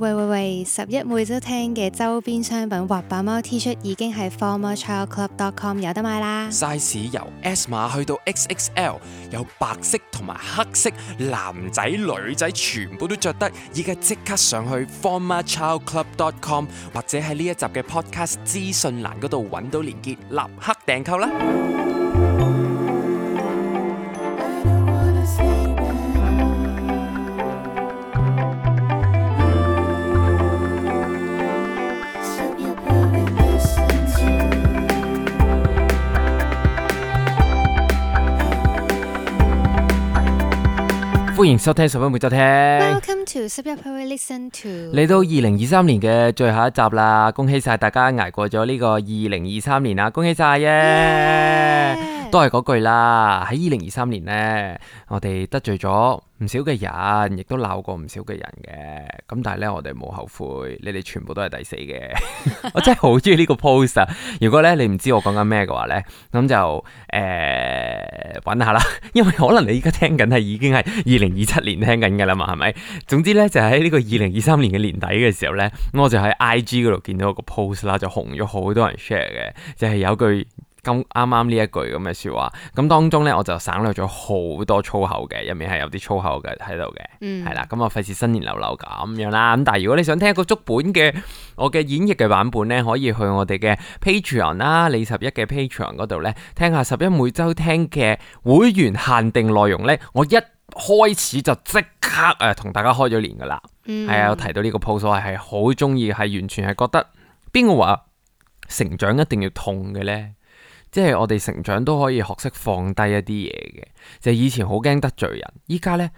喂喂喂！十一每周聽嘅周邊商品滑板貓 T 恤已經喺 formerchildclub.com 有得買啦。size 由 S 碼去到 XXL，有白色同埋黑色，男仔女仔全部都着得。而家即刻上去 formerchildclub.com 或者喺呢一集嘅 podcast 資訊欄嗰度揾到連結，立刻訂購啦！歡迎收聽拾壹每周聽。Welcome to 十一 per week listen to。嚟到二零二三年嘅最後一集啦，恭喜晒大家捱過咗呢個二零二三年啦，恭喜晒耶！Yeah! Yeah! 都係嗰句啦，喺二零二三年呢，我哋得罪咗唔少嘅人，亦都鬧過唔少嘅人嘅。咁但係呢，我哋冇後悔，你哋全部都係第四嘅。 我真係好中意呢個 post 啊！如果呢，你唔知我講緊咩嘅話呢，咁就誒、揾、下啦。 因為可能你而家聽緊係已經係二零二七年聽緊嘅啦嘛，係咪？總之呢，就喺、是、呢個二零二三年嘅年底嘅時候呢，我就喺 I G 嗰度見到一個 post 啦、啊，就紅咗好多人 share 嘅，就係、是、有句。咁啱啱呢一句咁嘅說話，咁當中呢，我就省略咗好多粗口嘅，入面係有啲粗口嘅喺度嘅，係啦、嗯，咁我費事新年流流咁樣啦。咁但係如果你想聽一個足本嘅我嘅演繹嘅版本呢，可以去我哋嘅 Patreon 啦，你十一嘅 Patreon 嗰度呢，聽下十一每周聽嘅會員限定內容呢，我一開始就即刻誒同、呃、大家開咗年噶啦，係啊、嗯，我提到呢個 pose 係係好中意，係完全係覺得邊個話成長一定要痛嘅呢。即係我哋成長都可以學識放低一啲嘢嘅，就係、以前好驚得罪人，依家呢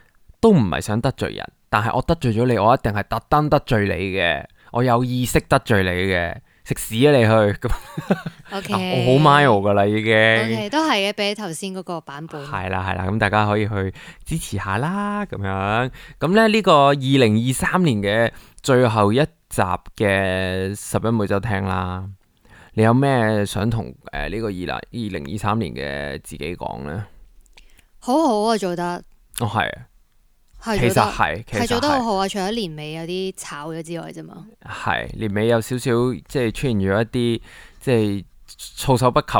都唔係想得罪人，但係我得罪咗你，我一定係特登得罪你嘅，我有意識得罪你嘅，食屎啊你去咁 Okay,、啊，我好 mile 噶啦已經，okay, 都係嘅，比起頭先嗰個版本，係啦係啦，咁大家可以去支持下啦，咁樣，咁咧呢、呢個二零二三年嘅最後一集嘅十一每周聽啦。你有咩想同誒呢個二零二零二三年嘅自己講呢？好好啊，做得哦係，其實係係做得好好啊，除咗年尾有啲炒咗之外啫嘛。係年尾有少少即係出現咗一啲即係措手不及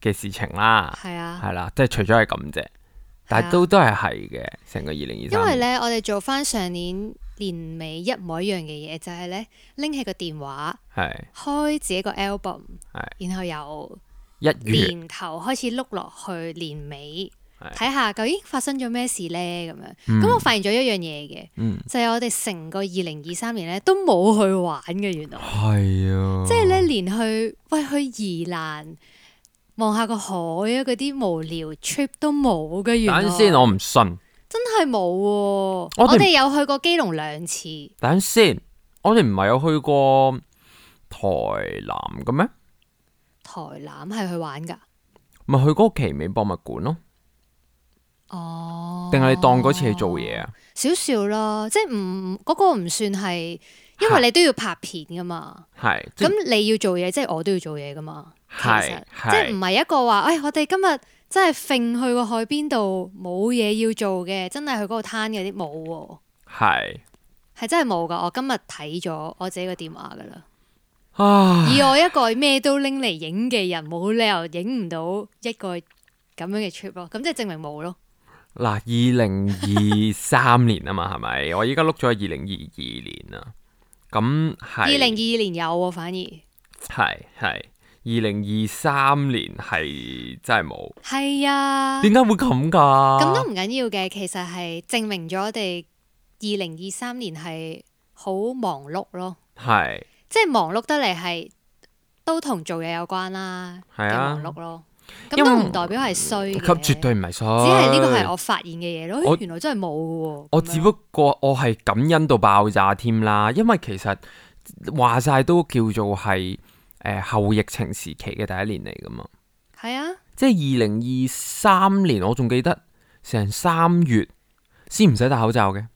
嘅事情啦。係啊，係啦，即係除咗係咁啫，但係都、啊、都係係嘅，成個二零二三。因為呢，我哋做翻上年。年尾一模一樣嘅嘢就係、是、咧，拎起個電話，是開自己個 album，是然後由一年頭開始碌落去年尾，睇是下究竟發生咗咩事咧咁樣。咁、嗯、我發現咗一樣嘢嘅，嗯、就係我哋成個二零二三年咧都冇去玩嘅，原來係啊，即係咧連去喂去宜蘭望下個海啊嗰啲無聊 trip 都冇嘅，原來。等先，我唔信。真係冇、啊，我哋有去過基隆兩次。等先，我哋唔係有去過台南嘅咩？台南係去玩噶，咪去嗰個奇美博物館咯。哦，定係你當嗰次係做嘢啊？少少囉，即係唔嗰個唔算係，因為你都要拍片噶嘛。係，咁你要做嘢，即係我都要做嘢噶嘛。其實。係，即係唔係一個話，誒、哎，我哋今日。真係揈去個海邊度冇嘢要做嘅，真係去嗰個攤嗰啲冇喎。係係、哦、真係冇噶，我今日睇咗我自己個電話噶啦。 以我一個咩都拎嚟影嘅人，冇理由影唔到一個咁樣嘅 trip、嗯、咯。咁即係證明冇咯。嗱，二零二三年啊嘛，係咪？ 我依家碌 o o 咗二零二二年啊。咁二零二二年有喎、哦，反而係係。二零二三年係真係冇，係啊，點解會咁噶？啊？咁都唔緊要嘅，其實係證明咗我哋二零二三年係好忙碌咯，係、啊，即係忙碌得嚟係都同做嘢有關啦，係啊，忙碌咯，咁都唔代表係衰嘅，絕對唔係衰，只係呢個係我發現嘅嘢咯，我原來真係冇嘅喎，我只不過我係感恩到爆炸添啦，因為其實話晒都叫做係。誒，後疫情時期嘅第一年嚟噶嘛？係啊，即係二零二三年，我仲記得成三月先唔使戴口罩嘅。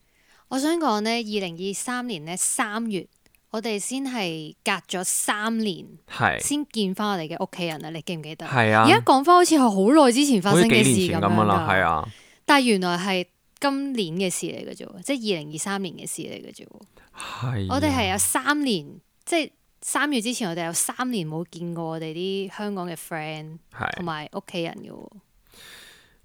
我想講呢，二零二三年呢，三月，我哋先係隔咗三年，係先見翻我哋嘅屋企人啊！你記唔記得？係啊，而家講翻好似係好耐之前發生嘅事咁樣啦，係啊。但係原來係今年嘅事嚟噶啫，即係二零二三年嘅事嚟噶啫。係啊，我哋係有三年即係。就是三月之前，我哋有三年冇見過我哋啲香港嘅 friend，同埋屋企人嘅、哦。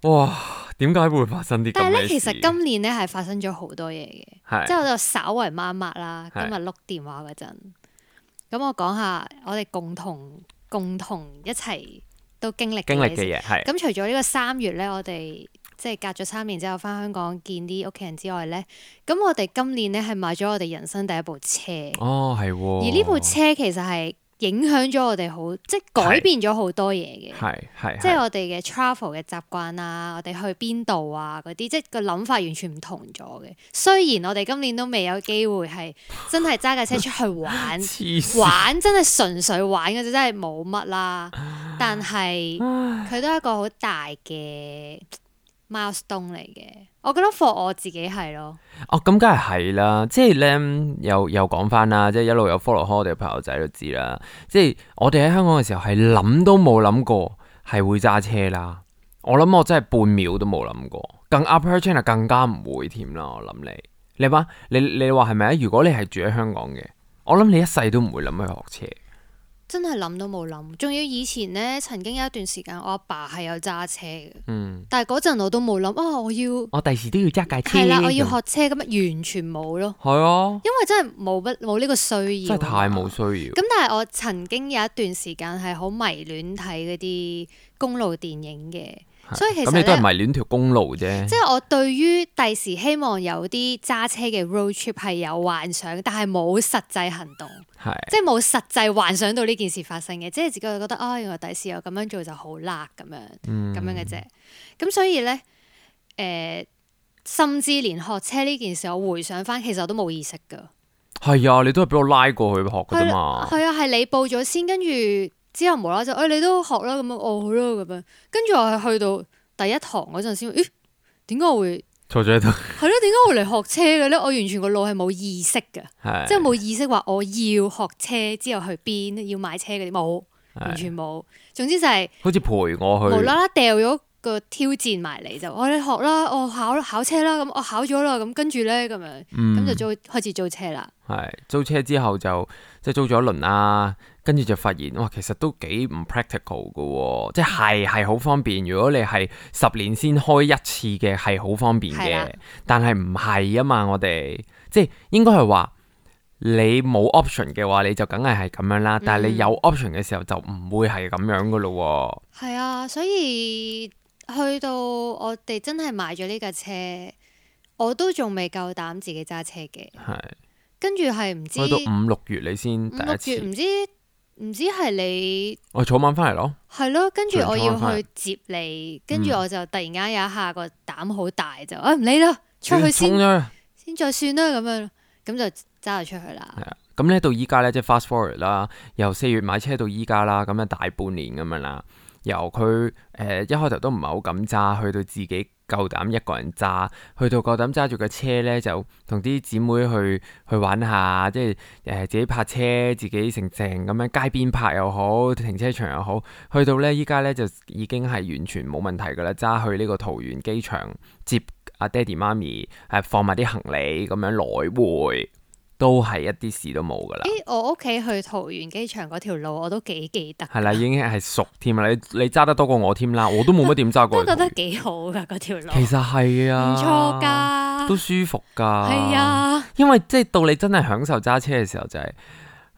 哇！點解會發生啲？但係咧，其實今年咧係發生咗好多嘢嘅。係，即係是就，就稍微抹一抹啦。今日碌電話嗰陣，咁是、嗯、我講下我哋共同共同一齊都經歷事經歷嘅嘢。係。咁除咗呢個三月咧，我哋。即係隔咗三年之後翻香港見啲屋企人之外呢。咁我哋今年呢，係買咗我哋人生第一部車。哦，係、哦。而呢部車其實係影響咗我哋好，即係改變咗好多嘢嘅。即係我哋嘅 travel 嘅習慣啊，我哋去邊度啊，嗰啲，即係個諗法完全唔同咗嘅。雖然我哋今年都未有機會係真係揸架車出去玩， 神經病玩真係純粹玩嗰陣真係冇乜啦。 但係佢都係一個好大嘅 milestone 嚟嘅，我覺得 for 我自己係咯。哦，咁梗係係啦，即係咧、嗯、又又講翻啦，即係一路有 follow 開我哋嘅朋友仔都知啦。即係我哋喺香港嘅時候，係諗都冇諗過係會揸車啦。我諗我真係半秒都冇諗過，更 upper train 啊，更加唔會添啦。我諗你，你話你你話係咪啊？如果你係住喺香港嘅，我諗你一世都唔會諗去學車。真係諗都冇諗，仲要以前咧，曾經有一段時間我阿爸係有揸車嘅，嗯、但係嗰陣我都冇諗啊，我要我第時都要揸介車，係啦，我要學車，咁咪完全冇咯，係啊的，因為真係冇乜冇呢個需要，真係太冇需要。咁但係我曾經有一段時間係好迷戀睇嗰啲公路電影嘅。所以其實咁你都唔係亂條公路啫。即係我對於第時希望有啲揸車嘅 road trip 係有幻想，但係冇實際行動，是即係冇實際幻想到呢件事發生嘅，即係自己會覺得啊，原、哎、來第時我咁樣做就好 luck 咁樣咁樣嘅啫。咁、嗯、所以咧，誒、呃，甚至連學車呢件事，我回想翻，其實我都冇意識噶。係啊，你都係俾我拉過去學嘅啫嘛。係啊，係你報咗先，跟住。之後無啦啦就誒、哎，你都學啦，咁樣，哦好咯，咁樣，跟住我係去到第一堂嗰陣先，咦？點解我會坐住喺度？係 咯，點解會嚟學車嘅咧？我完全個腦係冇意識嘅，的即係冇意識話我要學車之後去邊，要買車嗰啲冇，完全冇。的總之就係、是、好似陪我去無啦啦掉咗個挑戰埋嚟就，我、哦、咧學啦，我考考車啦，咁我考咗啦，咁跟住咧咁樣，咁就租開始租車啦。係租車之後就即係租咗一輪啦。 跟住就發現哇，其實都幾唔 practical 嘅、哦，即係係好方便。如果你係十年先開一次嘅，係好方便嘅。的但係唔係啊嘛，我哋即係應該係話你冇 option 嘅話，你就梗係係咁樣啦。嗯、但係你有 option 嘅時候就、哦，就唔會係咁樣嘅咯。係啊，所以去到我哋真係買咗呢架車，我都仲未夠膽自己揸車嘅。係的跟住係唔知去到五六月，你先第一次唔知。唔知係你，我、哦、坐晚翻嚟咯，係咯，跟住我要去接你，跟住我就突然間有一下個膽好大就，啊唔理啦，出去先，啊、先再算啦咁樣，咁就揸咗出去啦。係啊，咁咧到依家咧即係 fast forward 啦，由四月買車到依家啦，咁樣大半年咁樣啦。由佢誒、呃、一開頭都唔係好敢揸，去到自己夠膽一個人揸，去到夠膽揸住個車呢，就同啲姊妹去去玩下，即係誒、呃、自己泊車，自己成成咁樣街邊泊又好，停車場又好，去到呢，依家呢，就已經係完全冇問題噶啦。揸去呢個桃園機場接阿、啊、爹地媽咪，誒、呃、放埋啲行李咁樣來回。都係一啲事都冇噶啦。咦、欸，我屋企去桃園機場嗰條路我都幾記得。係啦，已經係熟添啦，你揸得多過我添啦，我都冇乜點揸過。都覺得幾好噶嗰條路。其實係啊，唔錯噶，都舒服噶。係啊的，因為即係到你真係享受揸車嘅時候，就係、是、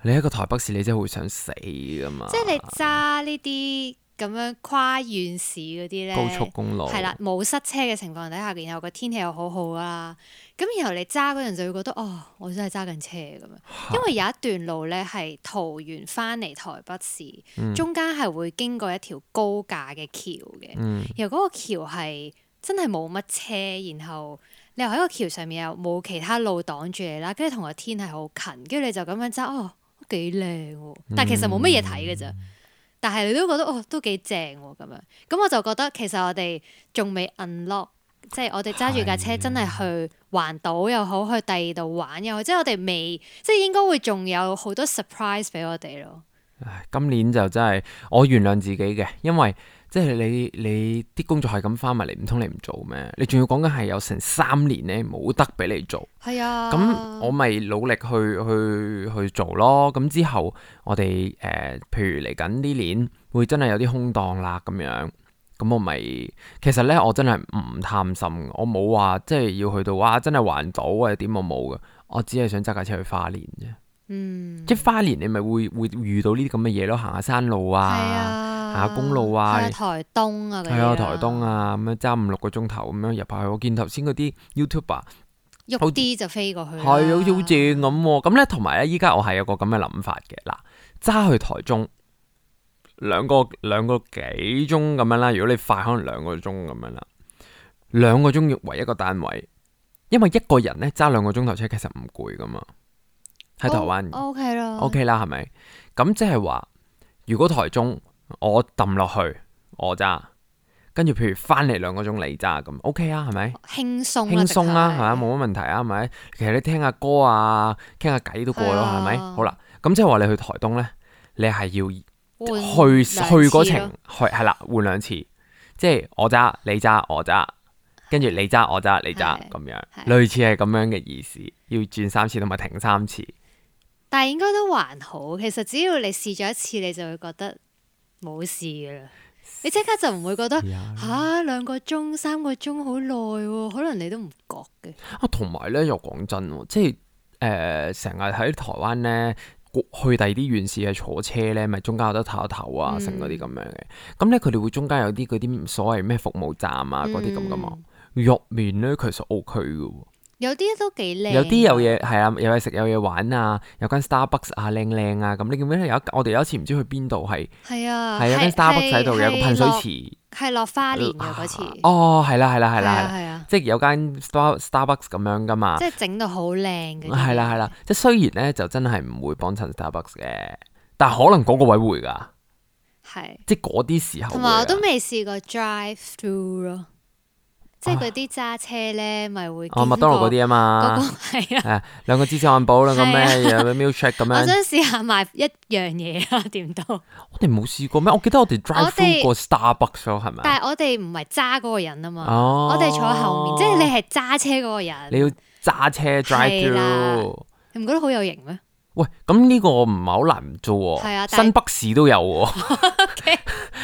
你喺一個台北市，你真係會想死噶嘛。即係你揸呢啲咁樣跨縣市嗰啲咧，高速公路係啦，冇塞車嘅情況底下，然後個天氣又好好啦。咁然後你揸嗰陣就會覺得哦，我真係揸緊車咁樣，因為有一段路咧係桃園翻嚟台北市，嗯、中間係會經過一條高架嘅橋嘅，嗯、然後嗰個橋係真係冇乜車，然後你又喺個橋上面又冇其他路擋住你啦，跟住同個天係好近，跟住你就咁樣揸哦，都幾靚喎，但係其實冇乜嘢睇嘅咋，嗯、但係你都覺得哦都幾正喎咁樣，咁我就覺得其實我哋仲未 unlock。即係我哋揸住架車，真係去環島又好，去第二度玩又好，即係我哋未，即係應該會仲有好多 surprise 俾我哋咯。唉，今年就真係我原諒自己嘅，因為即係、就是、你你啲工作係咁返埋嚟，唔通你唔做咩？你仲要講緊係有成三年咧冇得俾你做，係啊。咁我咪努力去去去做咯。咁之後我哋誒、呃，譬如嚟緊呢年會真係有啲空檔啦，咁樣。咁我咪，其實咧我真係唔貪心，我冇話即係要去到啊，真係環島啊，者點我冇噶，我只係想揸架車去花蓮啫。嗯即，即係花蓮你咪會會遇到呢啲咁嘅嘢咯，行下山路啊，啊行下公路啊，啊，麼啊，台東啊，係啊台東啊，咁揸五六個鐘頭咁樣入去。我見頭先嗰啲 YouTuber 啊，喐啲就飛過去，係好似好正咁。咁咧同埋咧，依家我係有個咁嘅諗法嘅，嗱揸去台中。兩個兩個幾鐘咁樣啦，如果你快可能兩個鐘咁樣啦，兩個鐘為一個單位，因為一個人咧揸兩個鐘頭車其實唔攰噶嘛。喺台灣 O K 啦，O K 啦，係咪、oh, okay？咁即係話，如果台中我抌落去我揸，跟住譬如翻嚟兩個鐘你揸咁，O K 啊，係咪？輕鬆啦、啊，係輕鬆啦、啊，係咪？冇乜問題啊，係咪？其實你聽下歌啊，傾下偈都過咯，係咪、 嗯？好啦，咁即係話你去台東咧，你係要。去次去嗰程，去係啦，換兩次，即係我揸，你揸，我揸，跟住 你揸，我揸，你揸，咁樣 的類似係咁樣嘅意思，要轉三次同埋停三次。但係應該都還好，其實只要你試咗一次，你就會覺得冇事噶啦，你即刻就唔會覺得吓兩的、啊、個鐘、三個鐘好耐喎，可能你都唔覺嘅。啊，同埋咧又講真，即係誒，成、呃、日喺台灣咧。去第二啲縣市係坐車咧，咪中間有得唞一唞啊，成嗰啲咁樣嘅。咁咧佢哋會中間有啲嗰啲所謂咩服務站啊，嗰啲咁嘅嘛。入面咧其實 O K 嘅喎。有啲都幾靚，啊，有啲有嘢係啊，有嘢食有嘢玩啊，有間 Starbucks 啊，靚靚啊，咁你記唔記得有我哋有一次唔知去邊度係係啊，係間 Starbucks 喺度有個噴水池，係落花蓮啊。嗰次，哦，係啦係啦係啦係啊，即係有間 Starbucks 咁樣噶嘛，即係整到好靚嘅，係啦係啦，即係雖然咧就真係唔會幫襯 Starbucks 嘅，但係可能嗰個位會㗎，係即係嗰啲時候，同埋我都未試過 Drive Through 咯，喔。即係嗰啲揸車咧，咪會哦麥當勞嗰啲啊嘛，嗰係啊，兩個芝士漢堡啦咁咩？有啲 meal check 咁樣。我想試下買一樣嘢啊，點都？我哋冇試過咩？我記得我哋 drive through 過 Starbucks 咯，係咪？但係我哋唔係揸嗰個人啊嘛，我哋坐後面，即係你係揸車嗰個人。你要揸車 drive through 你唔覺得好有型咩？喂，咁呢個唔係好難做，係啊，新北市都有。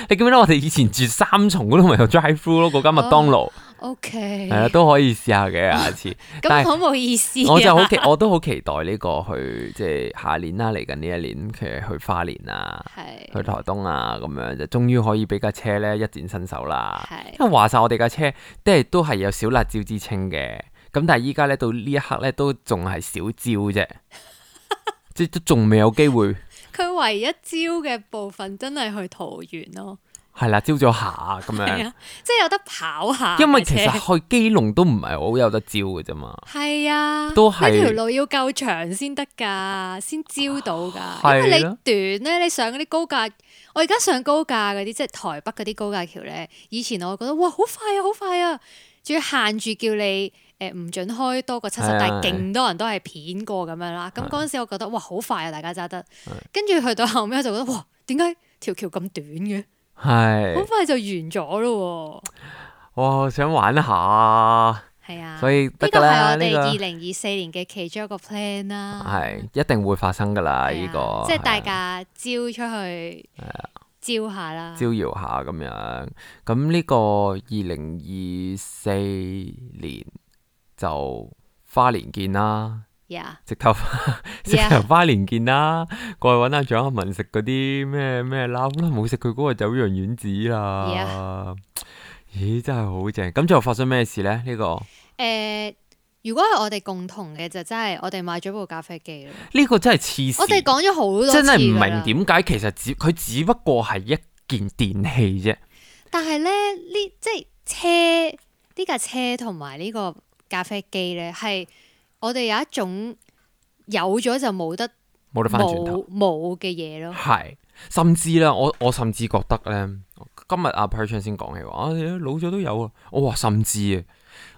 你記唔記得我哋以前住三重嗰度咪有 drive through 咯？嗰間麥當勞。O K，係啊，都可以試下嘅，下次，嗯、但好是冇意思、啊。我就好期，我都好期待呢個去，即係下年啦，嚟緊呢一年，其實去花蓮啊，是去台東啊，咁樣就終於可以俾架車咧一展身手啦。是因為話晒，我哋架車即係都係有小辣椒之稱嘅，咁但係依家咧到呢一刻咧都仲係小招啫， 即係都仲未有機會。佢唯一招嘅部分真係去桃園咯、啊。 係啦，招咗下咁樣，即係有得跑下。因為其實去基隆都唔係好有得招嘅啫嘛。係啊的，都係是條路要夠長先得噶，先招到噶。的因為你短咧，你上嗰啲高架，我而家上高架嗰啲，即係台北嗰啲高架橋咧，以前我覺得哇，好快啊，好快啊，仲要限住叫你誒唔、呃、准開多過七十的，但係勁多人都係片過咁樣啦。咁嗰陣時我覺得哇，好快啊，大家揸得。跟住去到後尾我就覺得哇，點解條橋咁短嘅？係，好快就完咗咯喎！哇，想玩下，係啊，所以呢個係我哋二零二四年嘅其中一個 plan 啦。係、啊，一定會發生噶啦呢、啊呢個，即係大家招出去，啊、招下啦，招搖下咁樣。咁呢個二零二四年就花年見啦。直 Yeah. 頭食頭花蓮見啦，Yeah. 過去搵阿蔣阿文食嗰啲咩咩啦，冇食佢嗰個酒釀丸子啦。Yeah. 咦，真係好正！咁最後發生咩事咧？呢、這個誒、呃，如果係我哋共同嘅就真、是、係我哋買咗部咖啡機。呢個真係黐線，我哋講咗好多，真係唔明點解其實只佢只不過係一件電器啫。但係咧呢即係車呢架車同埋呢個咖啡機咧係。我哋有一種有咗就冇得返轉頭冇嘅嘢咯，係甚至咧，我我甚至覺得咧，今日阿 Perchan 先講起話，啊老咗都有啊。我話甚至啊，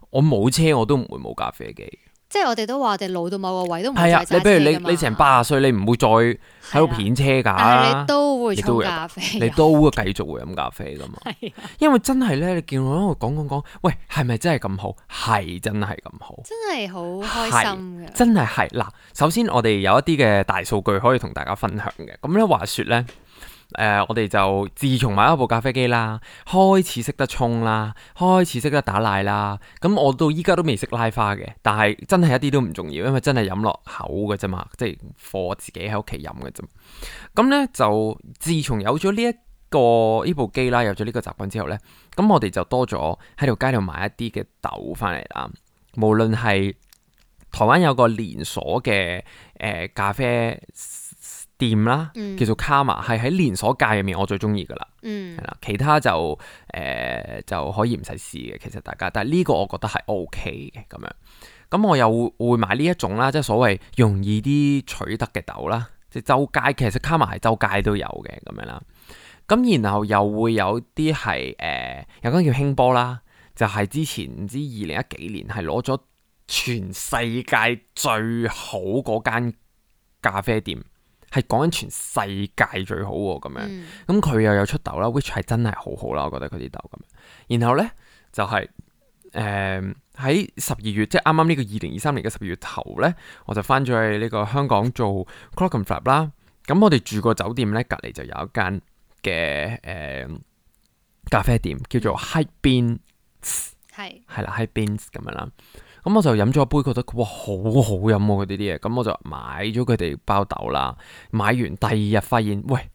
我冇車我都唔會冇咖啡機。即係我哋都話，我哋老到某個位都唔會再揸車㗎嘛。係啊，你譬如你你成八十歲，你唔會再喺度片車噶。但係你都會沖咖啡，你都， 你都會繼續會飲咖啡噶嘛。 因為真係呢，你見我喺度講講講，喂，係咪真係咁好？係真係咁好。真係好開心噶。真係係嗱，首先我哋有一啲嘅大數據可以同大家分享嘅。咁咧，話說呢？誒、呃，我哋就自從買咗部咖啡機啦，開始識得沖啦，開始識得打奶啦。咁我到依家都未識拉花嘅，但係真係一啲都唔重要，因為真係飲落口嘅啫嘛，即係貨自己喺屋企飲嘅啫。咁呢，就自從有咗呢一個呢部機啦，有咗呢個習慣之後呢，咁我哋就多咗喺條街度買一啲嘅豆翻嚟啦。無論係台灣有個連鎖嘅誒、呃、咖啡。店啦，嗯、叫做卡麻，係喺連鎖界入面我最中意噶啦，係啦、嗯。其他就誒、呃、就可以唔使試嘅，其實大家。但係呢個我覺得係 OK 嘅咁樣。咁我又會會買呢一種啦，即係所謂容易啲取得嘅豆啦，即係周街其實卡麻係周街都有嘅咁樣啦。咁然後又會有啲係誒有間叫輕波啦，就係、是、之前唔知二零一幾年係攞咗全世界最好嗰間咖啡店。係講緊全世界最好喎，咁樣，嗯，咁佢又有出豆啦，which 係真係好好啦，我覺得佢啲豆咁樣。然後咧就係誒喺十二月，即係啱啱呢個二零二三年嘅十二月頭咧，我就翻咗去呢個香港做 Clockenflap 啦。咁我哋住個酒店咧，隔離就有一間嘅誒咖啡店，叫做 High Beans，係係啦，嗯、的 High Beans 咁樣啦。咁、嗯、我就飲咗一杯，覺得哇好好飲喎，嗰啲啲嘢，咁、嗯、我就買咗佢哋包豆啦。買完第二日發現，喂，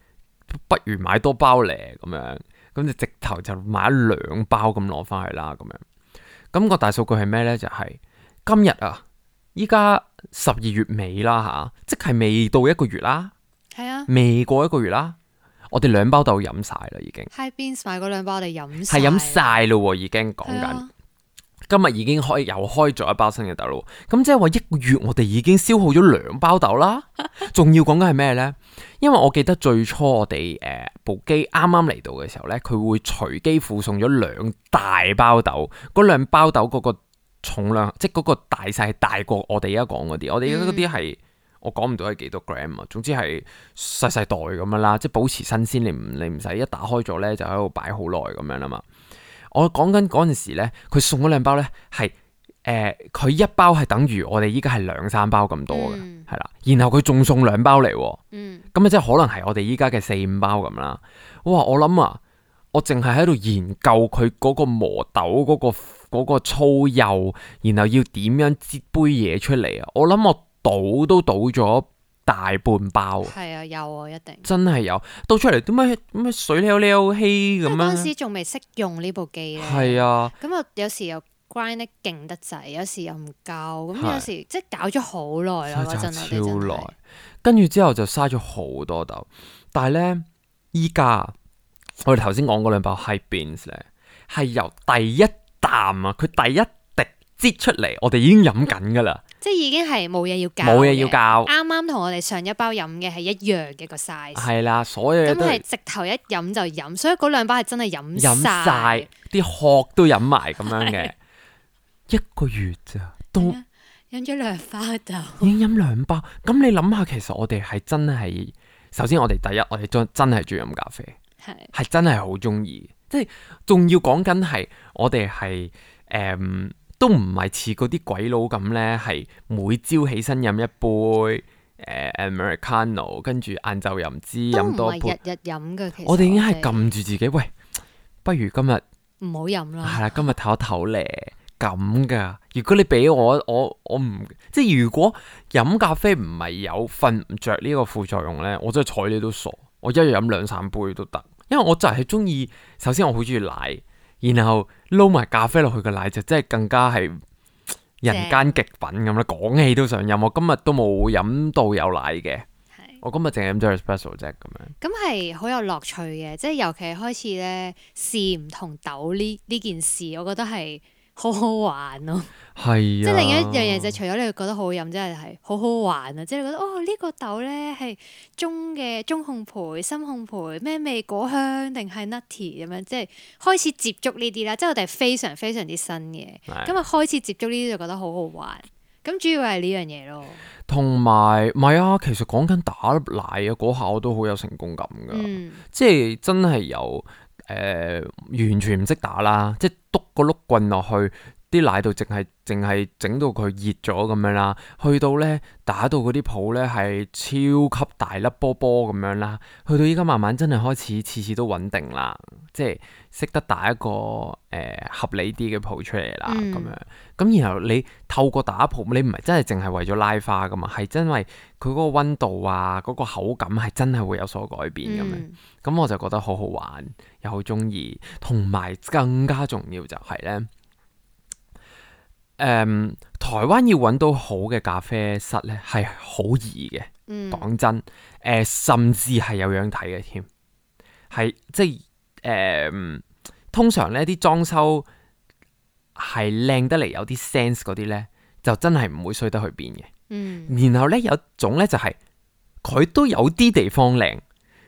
不如買多包咧咁樣，咁就直頭就買咗兩包咁攞翻去啦咁樣。咁、嗯、個大數據係咩呢？就係、是、今日啊，依家十二月尾啦吓，即係未到一個月啦，係啊，未過一個月啦，我哋兩包豆飲晒啦已經。喺邊買嗰兩包？我哋飲。係飲曬咯，已經講緊。今日已經開又開咗一包新嘅豆，咁即係話一個月我哋已經消耗咗兩包豆啦。仲要講緊係咩呢？因為我記得最初我哋誒部機啱啱嚟到嘅時候呢佢會隨機附送咗兩大包豆。嗰兩包豆嗰個重量，即係嗰個大細大過我哋而家講嗰啲。我哋而家嗰啲係我講唔到係幾多 gram 總之係細細袋咁樣啦，即係保持新鮮，你唔你唔使一打開咗呢，就喺度擺好耐咁樣啦嘛。我講緊嗰陣時咧，佢送嗰兩包咧係誒，佢、呃、一包係等於我哋依家係兩三包咁多嘅，係啦、嗯。然後佢仲送兩包嚟，咁啊、嗯、即係可能係我哋依家嘅四五包咁啦。哇！我諗啊，我淨係喺度研究佢嗰個磨豆嗰、嗰個嗰個粗幼，然後要點樣擠杯嘢出嚟啊！我諗我倒都倒咗大半包，係啊，有啊，一定真係有倒出嚟，點解點解水咧咧稀咁樣？當時仲未識用呢部機咧，係啊，咁啊，有時又 grind 得勁得滯，啊、有時又唔夠，咁有時即係搞咗好耐咯，嗰陣超耐，跟住之後就嘥咗好多豆，但係咧依家我哋頭先講嗰兩包 high beans 咧，係由第一啖啊，佢第一滴擠出嚟，我哋已經飲緊噶啦。 即係已經係冇嘢要搞，冇嘢要搞。啱啱同我哋上一包飲嘅係一樣嘅個 size。係啦，所有都係直頭一飲就飲，所以嗰兩包係真係飲飲曬啲殼都飲埋，咁樣嘅一個月咋，都飲咗兩包，就已經飲兩包。咁、嗯、你諗下，其實我哋係真係首先我哋第一，我哋真真係中意飲咖啡，係係對真係好中意。即係仲要講緊係我哋係誒。嗯都唔係似嗰啲鬼佬咁呢，係每朝起身飲一杯誒、呃、Americano，跟住晏晝又唔知飲多杯。唔係日日飲嘅，其實我哋已經係撳住自己。的喂，不如今日唔好飲啦。係啦、啊，今日唞一唞咧，咁噶。如果你俾我，我我唔即係如果飲咖啡唔係有瞓唔着呢個副作用呢，我真係睬你都傻。我一日飲兩三杯都得，因為我就係中意。首先我好中意奶。然後撈埋咖啡落去嘅奶就真係更加係人間極品咁啦，棒講起都想飲。我今日都冇飲到有奶嘅，是我今日淨係飲咗 espresso 啫咁樣。咁係好有樂趣嘅，即係尤其開始咧，試唔同豆呢呢件事，我覺得係。好好玩咯、啊，啊、即係另一樣嘢，就除咗你覺得好好飲，真係係好好玩啊！即係你覺得哦呢、這個豆咧係中嘅中烘焙、深烘焙咩味果香定係 nutty 咁樣，即係開始接觸呢啲啦。即係我哋係非常非常之新嘅，咁啊開始接觸呢啲就覺得好好玩。咁主要係呢樣嘢咯，同埋唔係啊。其實講緊打奶啊嗰下我都好有成功感噶，嗯、即係真係有。誒、呃、完全唔識打啦，即係篤個碌棍落去。啲奶度淨係淨係整到佢熱咗咁樣啦，去到咧，打到嗰啲泡咧，係超級大粒波波咁樣啦，去到依家，慢慢真係開始次次都穩定啦，即係識得打一個誒、呃、合理啲嘅泡出嚟啦。咁、嗯、樣咁然後你透過打泡，你唔係真係淨係為咗拉花噶嘛，係真係因為佢嗰個溫度啊，嗰個口感係真係會有所改變咁樣。咁、嗯、我就覺得好好玩，又好中意，同埋更加重要就係、是、咧。誒，um, 台灣要搵到好嘅咖啡室咧，係好易嘅。講真，誒，嗯 uh, 甚至係有樣睇嘅添，係即係誒、嗯，通常咧啲裝修係靚得嚟，有啲 sense 嗰啲咧，就真係唔會衰得去邊嘅。嗯，然後咧有一種咧就係、是、佢都有啲地方靚，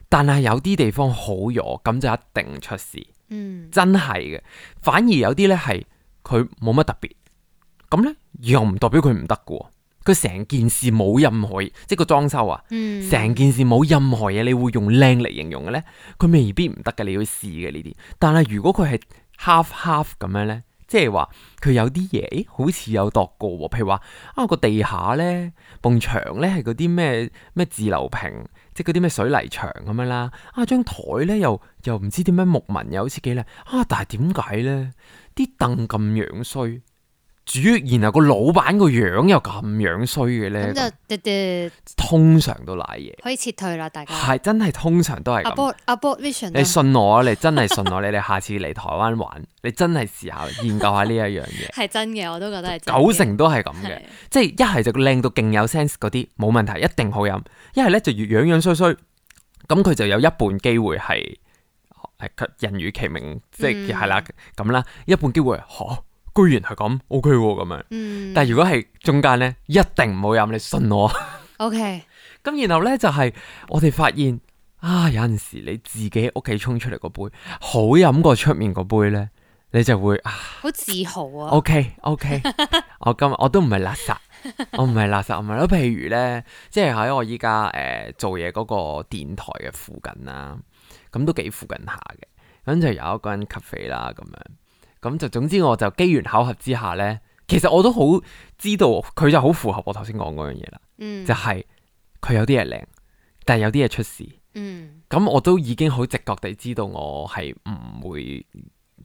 但係有啲地方好弱，咁就一定出事。嗯，真係嘅。反而有啲咧係佢冇乜特別。咁咧又唔代表佢唔得嘅，佢成件事冇任何，即係個裝修啊，嗯、成件事冇任何嘢你會用靚嚟形容嘅咧，佢未必唔得嘅，你要試嘅呢啲。但係如果佢係 half half 咁樣咧，即係話佢有啲嘢，誒，好似有度過，譬如話啊個地下咧，埲牆咧係嗰啲咩咩自流平，即係嗰啲咩水泥牆咁樣啦。啊張台咧又又唔知點樣木紋，又，又好似幾靚。啊，但係點解咧？啲凳咁樣衰。主，然後個老闆個樣又咁樣衰嘅咧，通常都賴嘢，可以撤退啦，大家係真係通常都係阿你信我，你真係信我，你哋下次嚟台灣玩，你真係試下研究下呢一樣嘢，係真嘅，我都覺得係九成都係咁嘅，即係一係就靚到勁有 sense 嗰啲冇問題，一定好飲；一係咧就越樣樣衰衰，咁佢就有一半機會係人如其名，即係係啦咁啦，一半機會可。居然係咁，O K 喎咁樣。Okay 啊、樣嗯。但係如果係中間咧，一定唔好飲，你信我。O K。咁然後咧就係、是、我哋發現啊，有陣時你自己屋企沖出嚟個杯好飲過出面個杯咧，你就會啊。好自豪啊。O K O K。我今日 我都唔係垃圾，我唔係垃圾唔係咯。譬如咧，即係喺我依家誒做嘢嗰個電台嘅附近啦，咁都幾附近下嘅。咁就有一個人 cafe 啦，咁樣。咁就，總之我就機緣巧合之下呢，其實我都好知道佢就好符合我頭先講嗰樣嘢啦。嗯、就係，就係佢有啲嘢靚，但係有啲嘢出事。嗯，咁我都已經好直覺地知道我係唔會，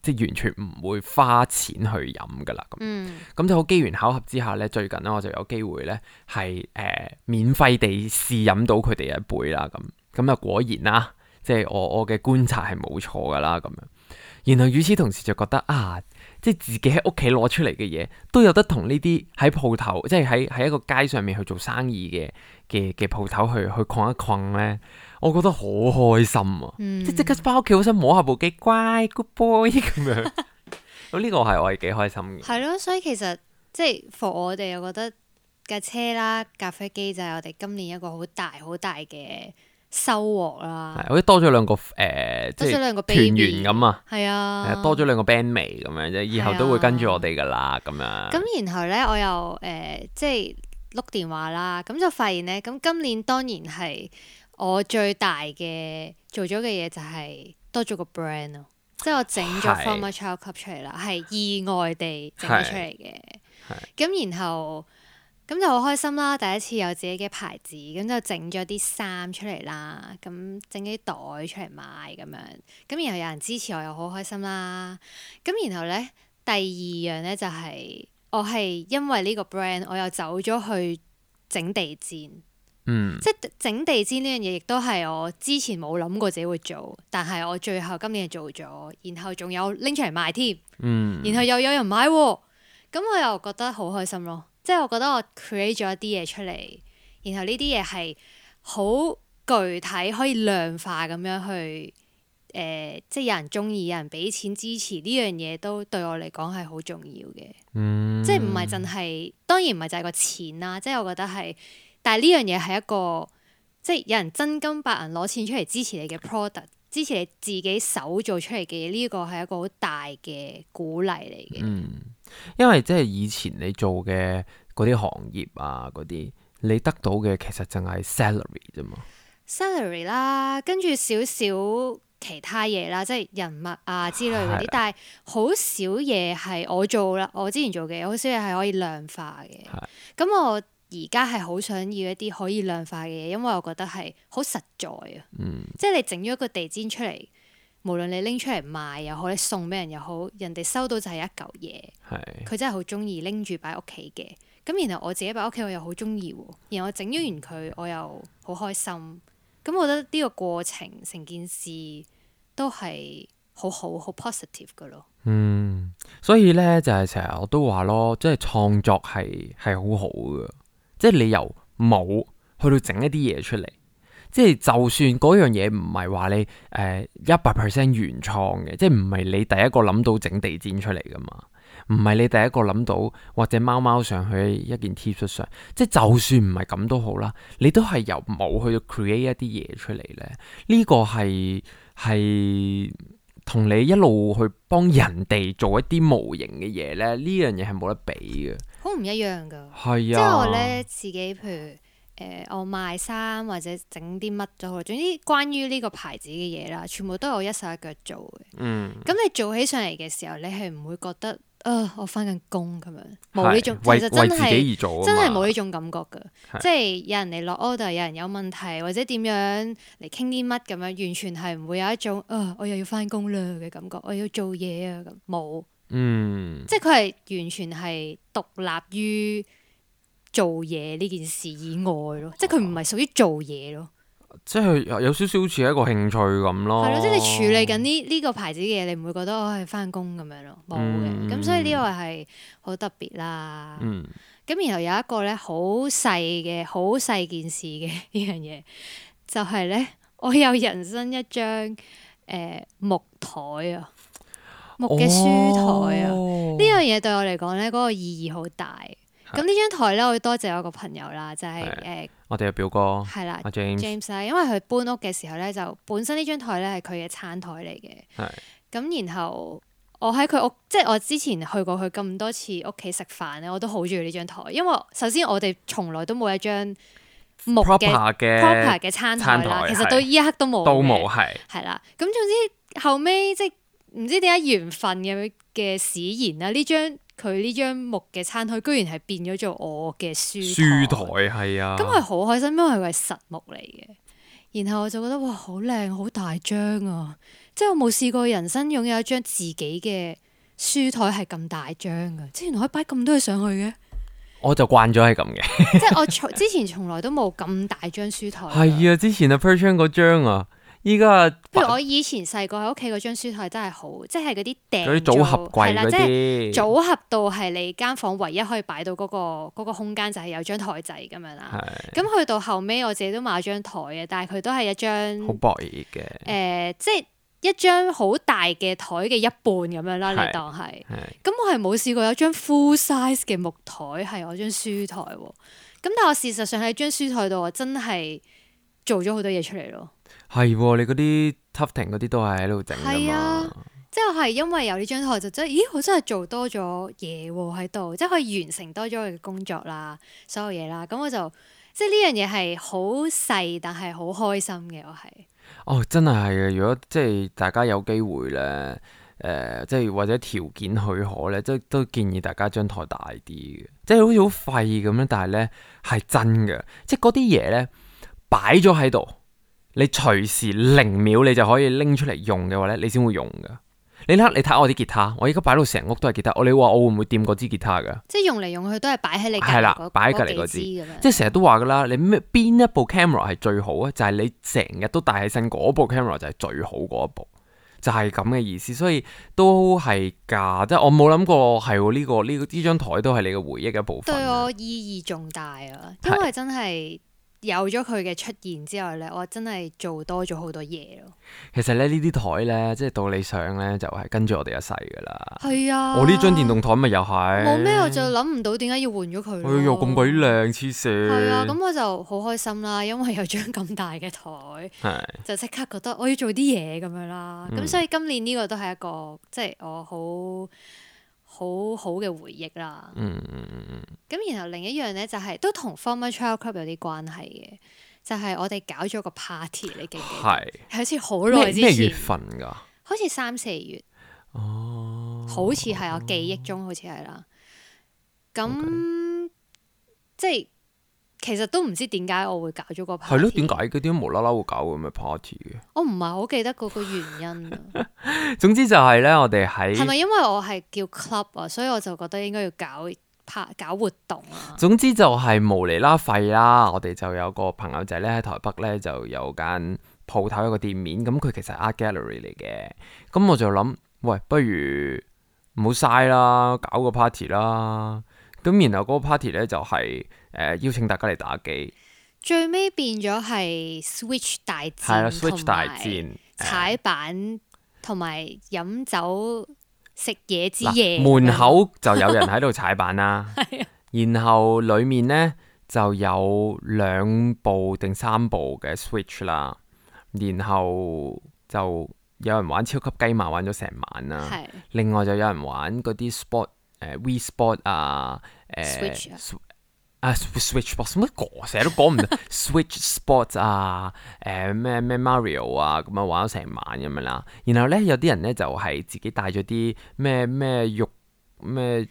即係完全唔會花錢去飲噶啦。咁，咁、嗯、就好機緣巧合之下呢，最近呢我就有機會呢，係誒、呃、免費地試飲到佢哋一杯啦。咁，咁啊果然啦、啊，即、就、係、係、我我嘅觀察係冇錯噶啦。咁樣。然後與此同時就覺得啊，即係自己喺屋企攞出嚟嘅嘢，都有得同呢啲喺鋪頭，即係喺喺一個街上面去做生意嘅嘅嘅鋪頭去去逛一逛咧，我覺得好開心啊！嗯、即即刻翻屋企，好想摸，摸下部機，乖 good boy 咁樣。咁呢 個係我係幾開心嘅。係咯，所以其實即係 for 我哋，又覺得架車啦、咖啡機就係我哋今年一個好大好大嘅。收穫啦，係，好似多咗兩個誒，呃、即多咗兩個成員咁啊，係啊，多咗兩個 band member 咁樣啫，以後都會跟住我哋噶啦，咁樣。咁、嗯、然後咧，我又誒、呃，即係碌電話啦，咁就發現咧，咁今年當然係我最大嘅做咗嘅嘢就係多咗個 brand 咯，即係我整咗 Former Child Club 出嚟啦，係是意外地整咗出嚟嘅。係，咁然後。咁就好開心啦！第一次有自己嘅牌子，咁就整咗啲衫出嚟啦，咁整啲袋出嚟賣咁樣，咁然後有人支持我又好開心啦。咁然後咧，第二樣咧就係、是、我係因為呢個 brand，我又走咗去整地氈。嗯。即係整地氈呢樣嘢，亦都係我之前冇諗過自己會做，但係我最後今年做咗，然後仲有拎出嚟賣添。嗯。然後又有人買、哦，咁我又覺得好開心咯～即係我覺得我 create 咗一啲嘢出嚟，然後呢啲嘢係好具體，可以量化咁樣去誒、呃，即係有人中意，有人俾錢支持呢樣嘢，都對我嚟講係好重要嘅。嗯、即係唔係淨係當然唔係就係個錢啦。即係我覺得係，但係呢樣嘢係一個即係有人真金白銀攞錢出嚟支持你嘅 product，支持你自己手做出嚟嘅嘢，呢個係一個好大嘅鼓勵嚟嘅。嗯。因為即係以前你做嘅嗰啲行業啊，嗰啲你得到嘅其實淨係 salary 啫嘛，salary 啦，跟住少少其他嘢啦，即係人脈啊之類嗰啲，係，但係好少嘢係我做啦，我之前做嘅好少嘢係可以量化嘅。咁係，我而家係好想要一啲可以量化嘅嘢，因為我覺得係好實在啊。嗯，即係你整咗一個地氈出嚟。無論你拎出嚟賣又好，你送俾人又好，人哋收到就係一嚿嘢，佢是真係好中意拎住擺屋企嘅。咁然後我自己擺屋企，我又好中意。然後我整咗完佢，我又好開心。咁我覺得呢個過程，成件事都係好好好 positive 噶咯。嗯，所以咧就係成日我都話咯，即係創作係係好好嘅，即係你由冇去到整一啲嘢出嚟。即係就算嗰樣嘢唔係話你誒一百 percent 原創嘅，即係唔係你第一個諗到整地氈出嚟噶嘛？唔係你第一個諗到或者貓貓上去一件 T 恤上，即係就算唔係咁都好啦，你都係由冇去 create 一啲嘢出嚟咧。呢個係係同你一路去幫人哋做一啲模型嘅嘢咧，呢樣嘢係冇得比嘅，好唔一樣㗎。係啊，即係我咧自己譬如。誒、呃，我賣衫或者整啲乜都好，總之關於呢個牌子嘅嘢啦，全部都係我一手一腳做嘅。嗯，咁你做起上嚟嘅時候，你係唔會覺得啊、呃，我翻緊工咁樣，冇呢種，其實是真係的為自己而做啊，真係冇呢種感覺嘅。是即係有人嚟落 order，有人有問題或者點樣嚟傾啲乜咁樣，完全係唔會有一種啊、呃，我又要翻工啦嘅感覺，我要做嘢啊，冇。嗯、即係佢係完全係獨立於做嘢呢件事以外咯，即係佢唔係屬於做嘢咯，啊、即係有，有少少似一個興趣咁咯。係咯，即係你處理緊呢呢個牌子嘅嘢，你唔會覺得我係翻工咁樣咯？冇嘅，咁、嗯、所以呢個係好特別啦。咁、嗯、然後有一個咧好細嘅好細件事嘅呢樣嘢，就係、是、咧我有人生一張誒、呃、木台啊，木嘅書台啊，呢、哦、樣嘢對我嚟講咧嗰個意義好大。咁呢張台咧，我要多謝我個朋友啦，就係、是、誒，是 uh, 我哋嘅表哥係啦，阿 James 因為佢搬屋嘅時候咧，就本身張呢張台咧係佢嘅餐台嚟嘅。係咁是，然後我喺佢屋，即、就、係、是、我之前去過佢咁多次屋企食飯咧，我都好中意呢張台，因為首先我哋從來都冇一張木嘅 proper 嘅 proper 嘅餐台啦，桌其實到依一刻都冇，都冇係係啦。咁總之後尾，即係唔知點解緣分嘅嘅使然啦，呢張。佢呢張木嘅餐台居然係變咗做我嘅書，書台，係啊，咁係好開心，因為佢係實木嚟嘅。然後我就覺得哇，好靚，好大張啊！即係我冇試過人生擁有一張自己嘅書台係咁大張噶， 之前可以擺咁多嘢上去嘅，我就慣咗係咁嘅。即係我從之前從來都冇咁大張書台，係 啊，之前阿 Perchan 嗰張啊。依家，不如我以前細個喺屋企嗰張書台真係好，即係嗰啲訂咗組合櫃的即啲，組合到係你間房唯一可以擺到嗰、嗰個、嗰個空間就係有張台仔咁樣啦。係的，咁去到後尾，我自己都買咗張台嘅，但係佢都係一張好薄嘢嘅，誒、呃，即係一張好大嘅台嘅一半咁樣啦。的你當係，咁的我係冇試過有張 full size 嘅木台係我張書台，咁但係我事實上喺張書台度，我真係做咗好多嘢出嚟咯。係喎，你嗰啲 tufting 嗰啲都係喺度整噶啊，即係因為有呢張台，就真係咦，我真係做多咗嘢喺度，即係可以完成多咗佢嘅工作啦，所有嘢啦。咁我就即係呢樣嘢係好細，但係好開心嘅。我係哦，真係係啊！如果即係大家有機會咧，誒、呃，即係或者條件許可咧，即係都建議大家張台大啲嘅。即係好似好廢咁樣，但係咧係真嘅。即係嗰啲嘢咧擺咗喺度。你隨時零秒你就可以拎出嚟用嘅話咧，你先會用噶。你咧，你睇我啲吉他，我而家擺到成屋都係吉他。我你話我會唔會掂嗰支吉他噶？即係用嚟用去都係擺喺你係啦，擺喺隔籬嗰支。即係成日都話噶啦，你咩邊一部 camera 係最好咧？就係、是、你成日都帶喺身嗰部 camera 就係最好嗰一部，就係咁嘅意思。所以都係噶，即係我冇諗過係呢、呢個呢呢張台都係你嘅回憶嘅一部分。對我意義重大啊，因為真係。有咗佢嘅出現之後呢，我真係做多咗好多嘢咯。其實咧呢啲台呢，即係道理上呢，就係、是、跟住我哋一世噶啦。係啊，我呢張電動台咪又係。冇咩，我就諗唔到點解要換咗佢。哎呀，咁鬼靚，黐線。係啊，咁我就好開心啦，因為有張咁大嘅台，是就即刻覺得我要做啲嘢咁樣啦。咁、嗯、所以今年呢個都係一個即係我好。好好嘅回憶啦，嗯，咁然後另一樣呢，就係、是、都同 Former Child Club 有啲關係嘅，就係、是、我哋搞咗個 party，你記唔記得？係是，好似好耐之前咩月份噶？好似三四月哦，好似係我記憶中，好似係啦。咁、哦 okay. 即係。其實都唔知點解我會搞咗個 party。係咯，點解佢啲無啦啦會搞咁嘅 party 嘅？我唔係好記得嗰個原因。 總之就係咧，我哋喺係咪因為我係叫 club 啊，所以我就覺得應該要搞 part 搞活動啊。總之就係無厘啦廢啦，我哋就有個朋友仔咧喺台北咧就有間鋪頭一個店面，咁佢其實 art gallery 嚟嘅。咁我就諗，喂，不如唔好嘥啦，搞個 party 啦。咁然後嗰個 party 咧就係、是、誒、呃、邀請大家嚟打機，最尾變咗係 Switch 大戰，係啦，Switch 大戰、踩板同埋飲酒食嘢之夜。門口就有人喺度踩板啦， 是啊、然後裡面呢就有兩部定三部嘅 Switch 啦，然後就有人玩超級雞馬玩咗成晚啦，是啊、另外就有人玩嗰啲 sport。誒 Wii Sport 啊，誒，啊，SwitchBox，乜個成日都講唔 Switch Sport 啊，誒，咩咩 Mario 啊，咁啊玩咗成晚咁樣啦。然後咧，有啲人咧就係、是、自己帶咗啲咩咩肉咩。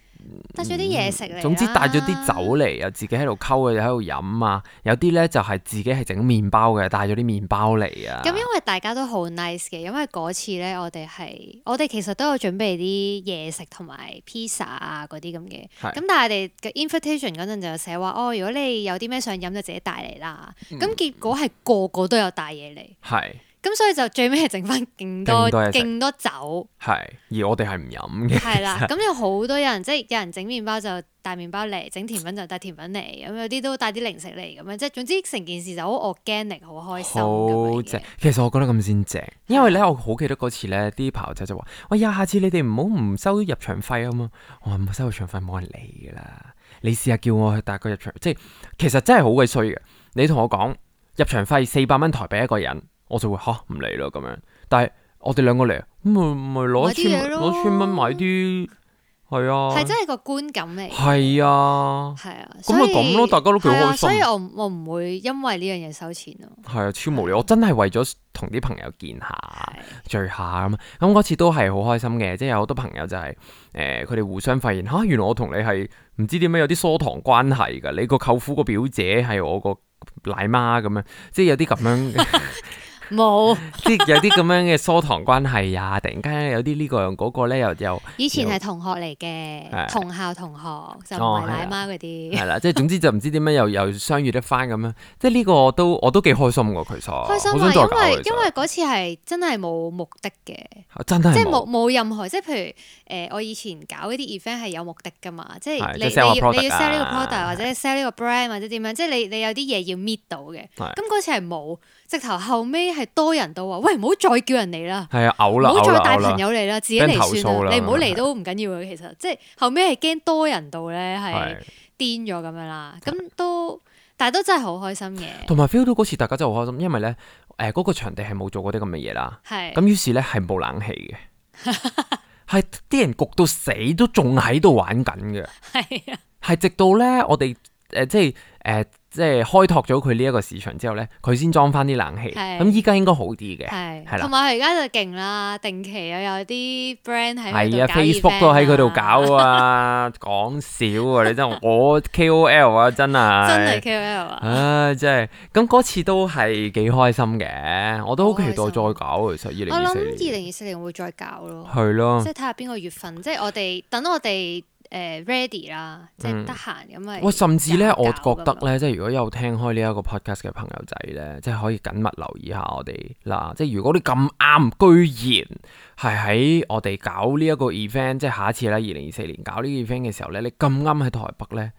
帶咗啲嘢食嚟、嗯，總之帶咗啲酒嚟，又自己喺度溝，又喺度飲啊！有啲咧就係、是、自己係整麵包嘅，帶咗啲麵包嚟啊！咁、嗯、因為大家都好 nice 嘅，因為嗰次咧我哋係我哋其實都有準備啲嘢食同埋披薩啊嗰啲咁嘅，咁是但係我哋嘅 invitation 嗰陣就有寫話哦，如果你有啲咩想飲就自己帶嚟啦。咁、嗯、結果係個個都有帶嘢嚟。係。咁所以就最尾係整翻勁多勁多，多酒，係而我哋係唔飲嘅，係啦的。咁 有好多人即係有人整麵包就帶麵包嚟，整甜品就帶甜品嚟，咁有啲都帶啲零食嚟咁樣，即係總之成件事就好 organic，好開心好正，棒其實我覺得咁先正，的因為咧我好記得嗰次咧啲朋友仔就話，喂呀，下次你哋唔好唔收入場費啊嘛。我唔收入場費冇人理噶啦。你試下叫我去帶個入場費，即係其實真係好鬼衰嘅。你同我講入場費四百蚊台幣一個人。我就會吓唔嚟啦，咁樣，但係我哋兩個嚟啊，咁咪咪攞一千攞一千蚊買啲係啊，係真係個觀感嚟，係啊，係啊，咁咪咁咯，大家都幾開心，啊，所以我我唔會因為呢樣嘢，收錢咯，係啊，超無聊，啊、我真係為咗同啲朋友見下，啊、聚下咁，咁、那、嗰、個、次都係好開心嘅，即係有好多朋友就係、是、誒，佢、呃、哋互相發現吓，原來我同你係唔知點解有啲疏堂關係噶，你個舅父個表姐係我個奶媽咁樣，即係有啲咁樣。 冇，即係有啲咁樣嘅疏堂關係啊！突然間有啲呢個又嗰個咧，又又以前係同學嚟嘅，同校同學就奶奶媽嗰啲，係啦，即係總之就唔知點樣又又相遇得翻咁樣。即係呢個我都我都幾開心喎，佢所開心啊，因為因為嗰次係真係冇目的嘅，真係即係冇冇任何即係譬如誒，我以前搞嗰啲 event 係有目的㗎嘛，即係你你要 sell 呢個 product 或者 sell 呢個 brand 或者點樣，即係你你有啲嘢要 meet 到嘅，咁嗰次係冇。直頭後尾係多人到啊！喂，唔好再叫人嚟啦，係啊，嘔啦，唔好再帶朋友嚟啦，自己嚟算啦，你唔好嚟都唔緊要嘅。其實即係後尾係驚多人到咧，係癲咗咁樣啦。咁都但係都真係好開心嘅。同埋 feel 到嗰次大家真係好開心，因為咧誒，嗰個場地係冇做過啲咁嘅嘢啦，係咁於是咧係冇冷氣嘅，係啲人焗到死都仲喺度玩緊嘅，係啊，係直到咧我哋誒即係誒。即係開拓咗佢呢一個市場之後咧，佢先裝翻啲冷氣。咁依家應該好啲嘅，係啦的。同埋佢而家就勁啦，定期又有啲 brand 喺係啊，Facebook 都喺佢度搞啊，講笑啊，你真我 KOL 啊，真係 真係 KOL 啊。唉、ah,，真係咁嗰次都係幾開心嘅，我都好期待再搞。其實二零二我諗二零二四年會再搞咯，係咯，即係睇下邊個月份，即係我哋等我哋。Campus flew pottery composers let 誒、uh, ready 啦，即係得閒咁啊！我甚至咧，架我覺得咧，即係如果有聽開呢一個 podcast 嘅朋友仔咧，即係可以緊密留意下我哋嗱，即係如果你咁啱，居然係喺我哋搞呢一個 event，即係下一次咧，二零二四年搞呢個 event 嘅時候咧，你咁啱喺台北咧，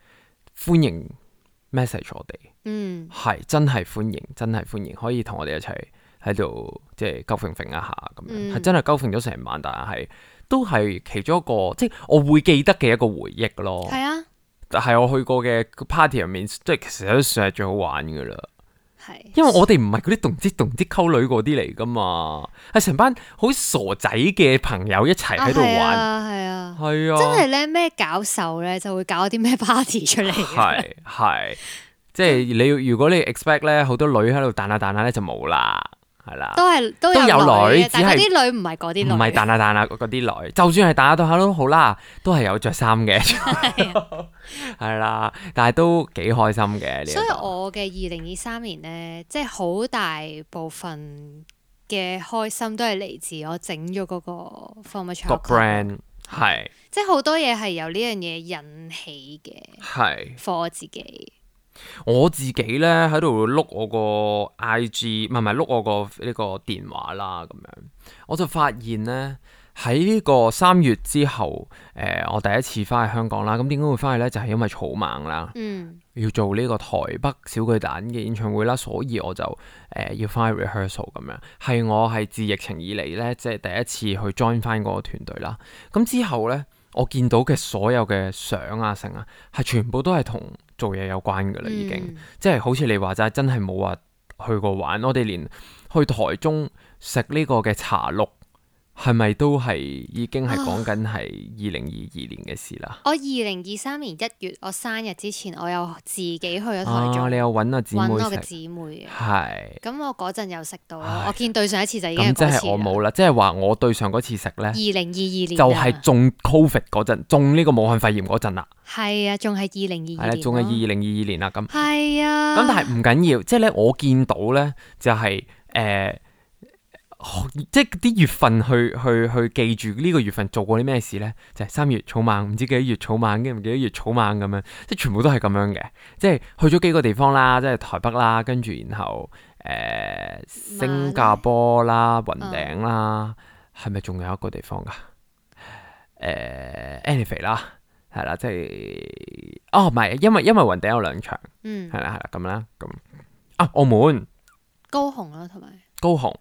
歡迎 message 我哋，嗯，係真係歡迎，真係歡迎，可以同我哋一齊喺度即係勾縫縫一下咁樣，係、嗯、真係勾縫咗成晚，但係。都係其中一個，即係我會記得嘅一個回憶咯。係啊，但係我去過嘅 party 入面，即係其實都算係最好玩噶啦。係，因為我哋唔係嗰啲動之動之溝女嗰啲嚟噶嘛，係成班好傻仔嘅朋友一齊喺度玩，係啊，係啊，真係咧咩搞手咧，就會搞啲咩 party 出嚟。係係，即係你如果你 expect 咧，好多女喺度彈下彈下咧，就冇啦。係啦，都係都有女，但係啲女唔係嗰啲女彈彈彈彈，唔係彈啊彈啊嗰啲女，就算係彈啊彈啊都好啦，都係有着衫嘅，係啦，但係都幾開心嘅。所以我嘅二零二三年咧，即係好大部分嘅開心都係嚟自我整咗嗰個 Former Child brand，係、嗯，是即係好多嘢係由呢樣嘢引起嘅，係是 for 自己。我自己咧喺度碌我個 IG，唔係唔係碌我個呢個電話啦，咁樣我就發現咧喺呢個三月之後，誒、呃、我第一次翻去香港啦，咁點解會翻去咧？就係、是、因為草蜢啦，嗯、要做呢個台北小巨蛋嘅演唱會啦，所以我就誒、呃、要翻去 rehearsal 咁樣，係我係自疫情以嚟咧即係第一次去 join 翻嗰個團隊啦，咁之後咧。我見到嘅所有嘅相啊成啊，係全部都係同做嘢有關嘅啦，已經，即係好似你話齋，真係冇話去過玩。我哋連去台中食呢個嘅茶綠。係咪都係已經係講緊係二零二二年嘅事啦？我二零二三年一月我生日之前，我有自己去咗台中。啊、你有搵我姊妹？是搵我嘅姊妹。係。咁我嗰陣又食到，唉我見對上一次就已經係咁，即係我冇啦，即係話我對上嗰次食咧。二零二二年。就係中 Covid 嗰陣，中呢個武漢肺炎嗰陣啦。係啊，仲係二零二二。仲係二零二二年啦，咁。係啊。咁、啊、但係唔緊要，即係咧，我見到咧就係、是、誒。呃即係啲月份去去去記住呢個月份做過啲咩事咧？就係、是、三月草蜢，唔知幾多月草蜢，跟住唔記得月草蜢咁樣，即係全部都係咁樣嘅。即係去咗幾個地方啦，即係台北啦，跟住然後誒、呃、新加坡啦、雲頂啦，係咪仲有一個地方噶？誒 anyway 啦，係啦，即係哦，唔係，因為因為雲頂有兩場，嗯，係啦係啦咁啦咁，啊，澳門高雄啦、啊，同埋高雄。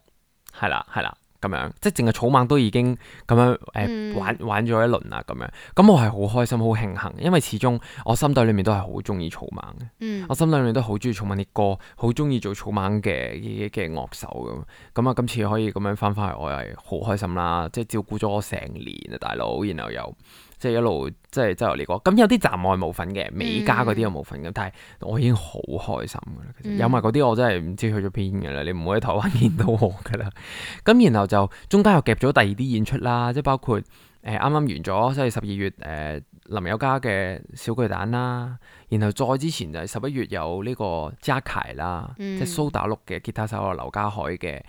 係啦，係啦，咁樣即係淨係草蜢都已經咁樣誒、欸、玩玩咗一輪啊，咁樣咁我係好開心，好慶幸，因為始終我心底裏面都係好中意草蜢嘅，嗯、我心底裏面都好中意草蜢啲歌，好中意做草蜢嘅嘅樂手咁，咁啊今次可以咁樣翻翻去，我係好開心啦！即係照顧咗我成年啊，大佬，然後又。即係一路即係周遊列國，咁有啲站外無份嘅，美加嗰啲又無份嘅，嗯、但係我已經好開心嘅啦。有埋嗰啲，我真係唔知去咗邊嘅啦。你唔會喺台灣見到我嘅啦。咁 然後就中間又夾咗第二啲演出啦，即係包括誒啱啱完咗，即係十二月誒、呃、林宥嘉嘅小巨蛋啦。然後再之前就十一月有呢個 JACKY 啦，嗯、即係蘇打綠嘅吉他手劉家凱嘅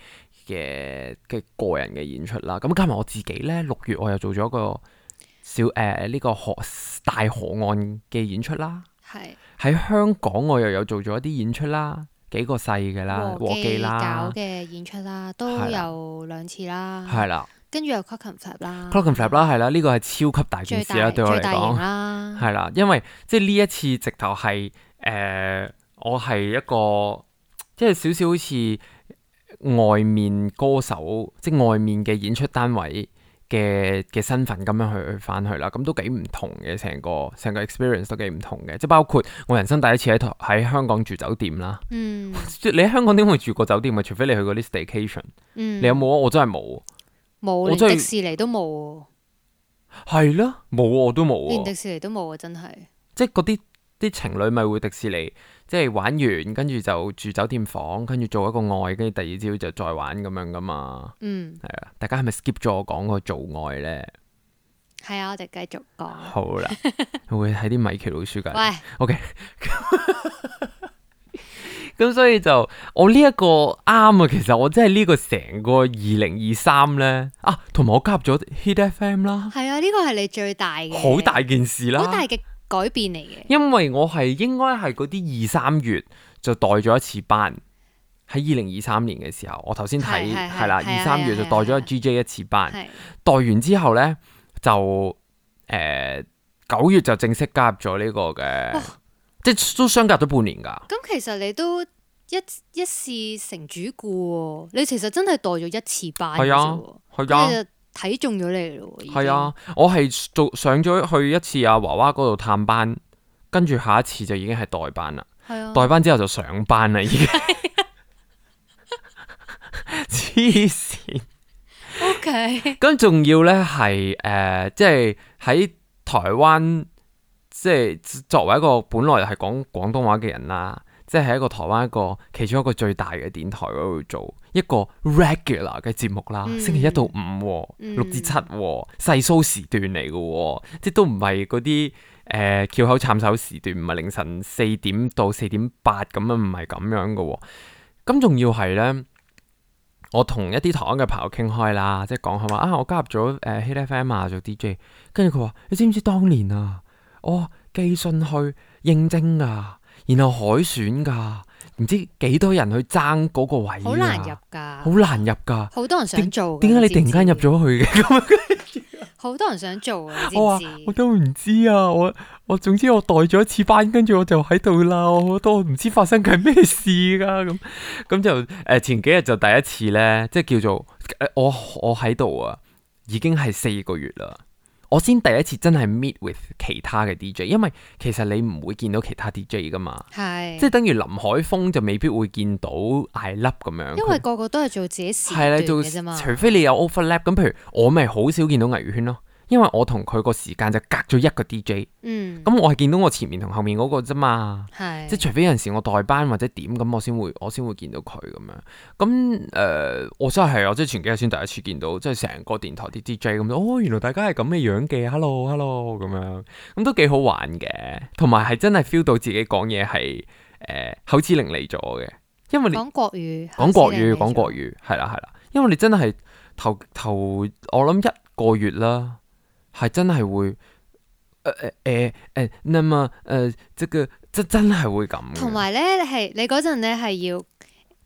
嘅嘅個人嘅演出啦。咁加埋我自己咧，六月我又做咗一個。小誒呢、呃這個河大河岸嘅演出啦，喺是香港我又有做咗一啲演出啦，幾個細嘅啦，和記搞嘅演出啦，啦都有兩次啦，係的啦，跟住又 Copenhagen 啦 Copenhagen 啦係啦。呢、這個係超級大件事啦大對我嚟講，係啦，因為即係呢一次直頭係誒我係一個即係少少好似外面歌手，即係外面嘅演出單位。嘅嘅身份咁樣去去翻去啦，咁都幾唔同嘅，成個成個 experience 都幾唔同嘅，即係包括我人生第一次喺台喺香港住酒店啦。嗯， 你喺香港點會住過酒店嘅？除非你去嗰啲 staycation、嗯。你有冇啊？我真係冇，冇有，我迪士尼都冇。係啦，冇我都冇，連迪士尼都冇啊！真係，即係嗰啲啲情侶咪會迪士尼。即係玩完，跟住就住酒店房，跟住做一個愛，跟住第二朝就再玩咁樣噶嘛。嗯，係啊，大家係咪 skip 咗我講個做愛咧？係啊，我哋繼續講。好啦， 會喺啲米奇老鼠噶喂。OK，咁所以就我呢、這、一個啱啊。其實我真係、這個、呢個成個二零二三咧啊，同埋我加入咗 Hit FM 啦。係啊，呢、這個係你最大嘅好大件事啦，改變嚟嘅，因為我係應該係嗰啲二三月就代咗一次班，喺二零二三年嘅時候，我頭先睇係啦，二三的月就代咗 GJ 一次班，係係係代完之後咧就誒九、呃、月就正式加入咗呢個嘅，哇即係都相隔咗半年噶。咁其實你都一一試成主顧、哦，你其實真係代咗一次班，係啊，係噶、啊。睇中咗你咯，係啊！我係做上咗去一次阿娃娃嗰度探班，跟住下一次就已經係代班啦。係啊，代班之後就上班啦，已經 黐線。OK。咁仲要呢？係誒，即係喺台灣，即係作為一個本來係講廣東話嘅人啦。即係一個台灣一個其中一個最大嘅電台，度做一個 regular 嘅節目啦，嗯、星期一到五、哦嗯、六至七、哦、細數時段嚟嘅、哦，即都唔係嗰啲誒翹口插手時段，唔係凌晨四點到四點八咁樣，唔係咁樣嘅、哦。咁仲要係咧，我同一啲台灣嘅朋友傾開啦，即係講佢話啊，我加入咗誒、呃、Hit FM、啊、做 DJ，跟住佢話你知唔知當年啊，我、哦、寄信去應徵啊。然後海選噶，唔知幾多人去爭嗰個位，好難入噶，好難入噶，好多人想做。點解你突然間入咗去嘅？好 多人想做啊！我話我都唔知啊，我我總之我代咗一次班，跟住我就喺度鬧，我都唔知發生緊咩事噶咁。咁就誒、呃，前幾日就第一次咧，即係叫做誒、呃，我我喺度啊，已經係四個月啦。我先第一次真係 meet with 其他嘅 DJ，因為其實你唔會見到其他 DJ 噶嘛，是即係等於林海峰就未必會見到艾粒咁樣。因為，他因為個個都係做自己時段嘅啫嘛，除非你有 overlap，嗯。咁譬如我咪好少見到倪月圈咯。因為我同佢個時間就隔咗一個 DJ，咁、嗯、我係見到我前面同後面嗰個啫嘛，是即係除非有陣時我代班或者點咁，我先會我先會見到佢咁樣。咁誒、呃，我真係我即係前幾日先第一次見到，即係成個電台啲 DJ 咁。哦，原來大家係咁嘅樣嘅，hello hello 咁樣，咁都幾好玩嘅。同埋係真係 feel 到自己講嘢係誒口齒伶俐咗嘅，因為你講國語，講國語，講國語，講國語，係啦係啦，因為你真係頭頭我諗一個月啦。係真係會誒誒誒誒，那麼誒，即個真真係會咁。同埋咧，你係你嗰陣咧係要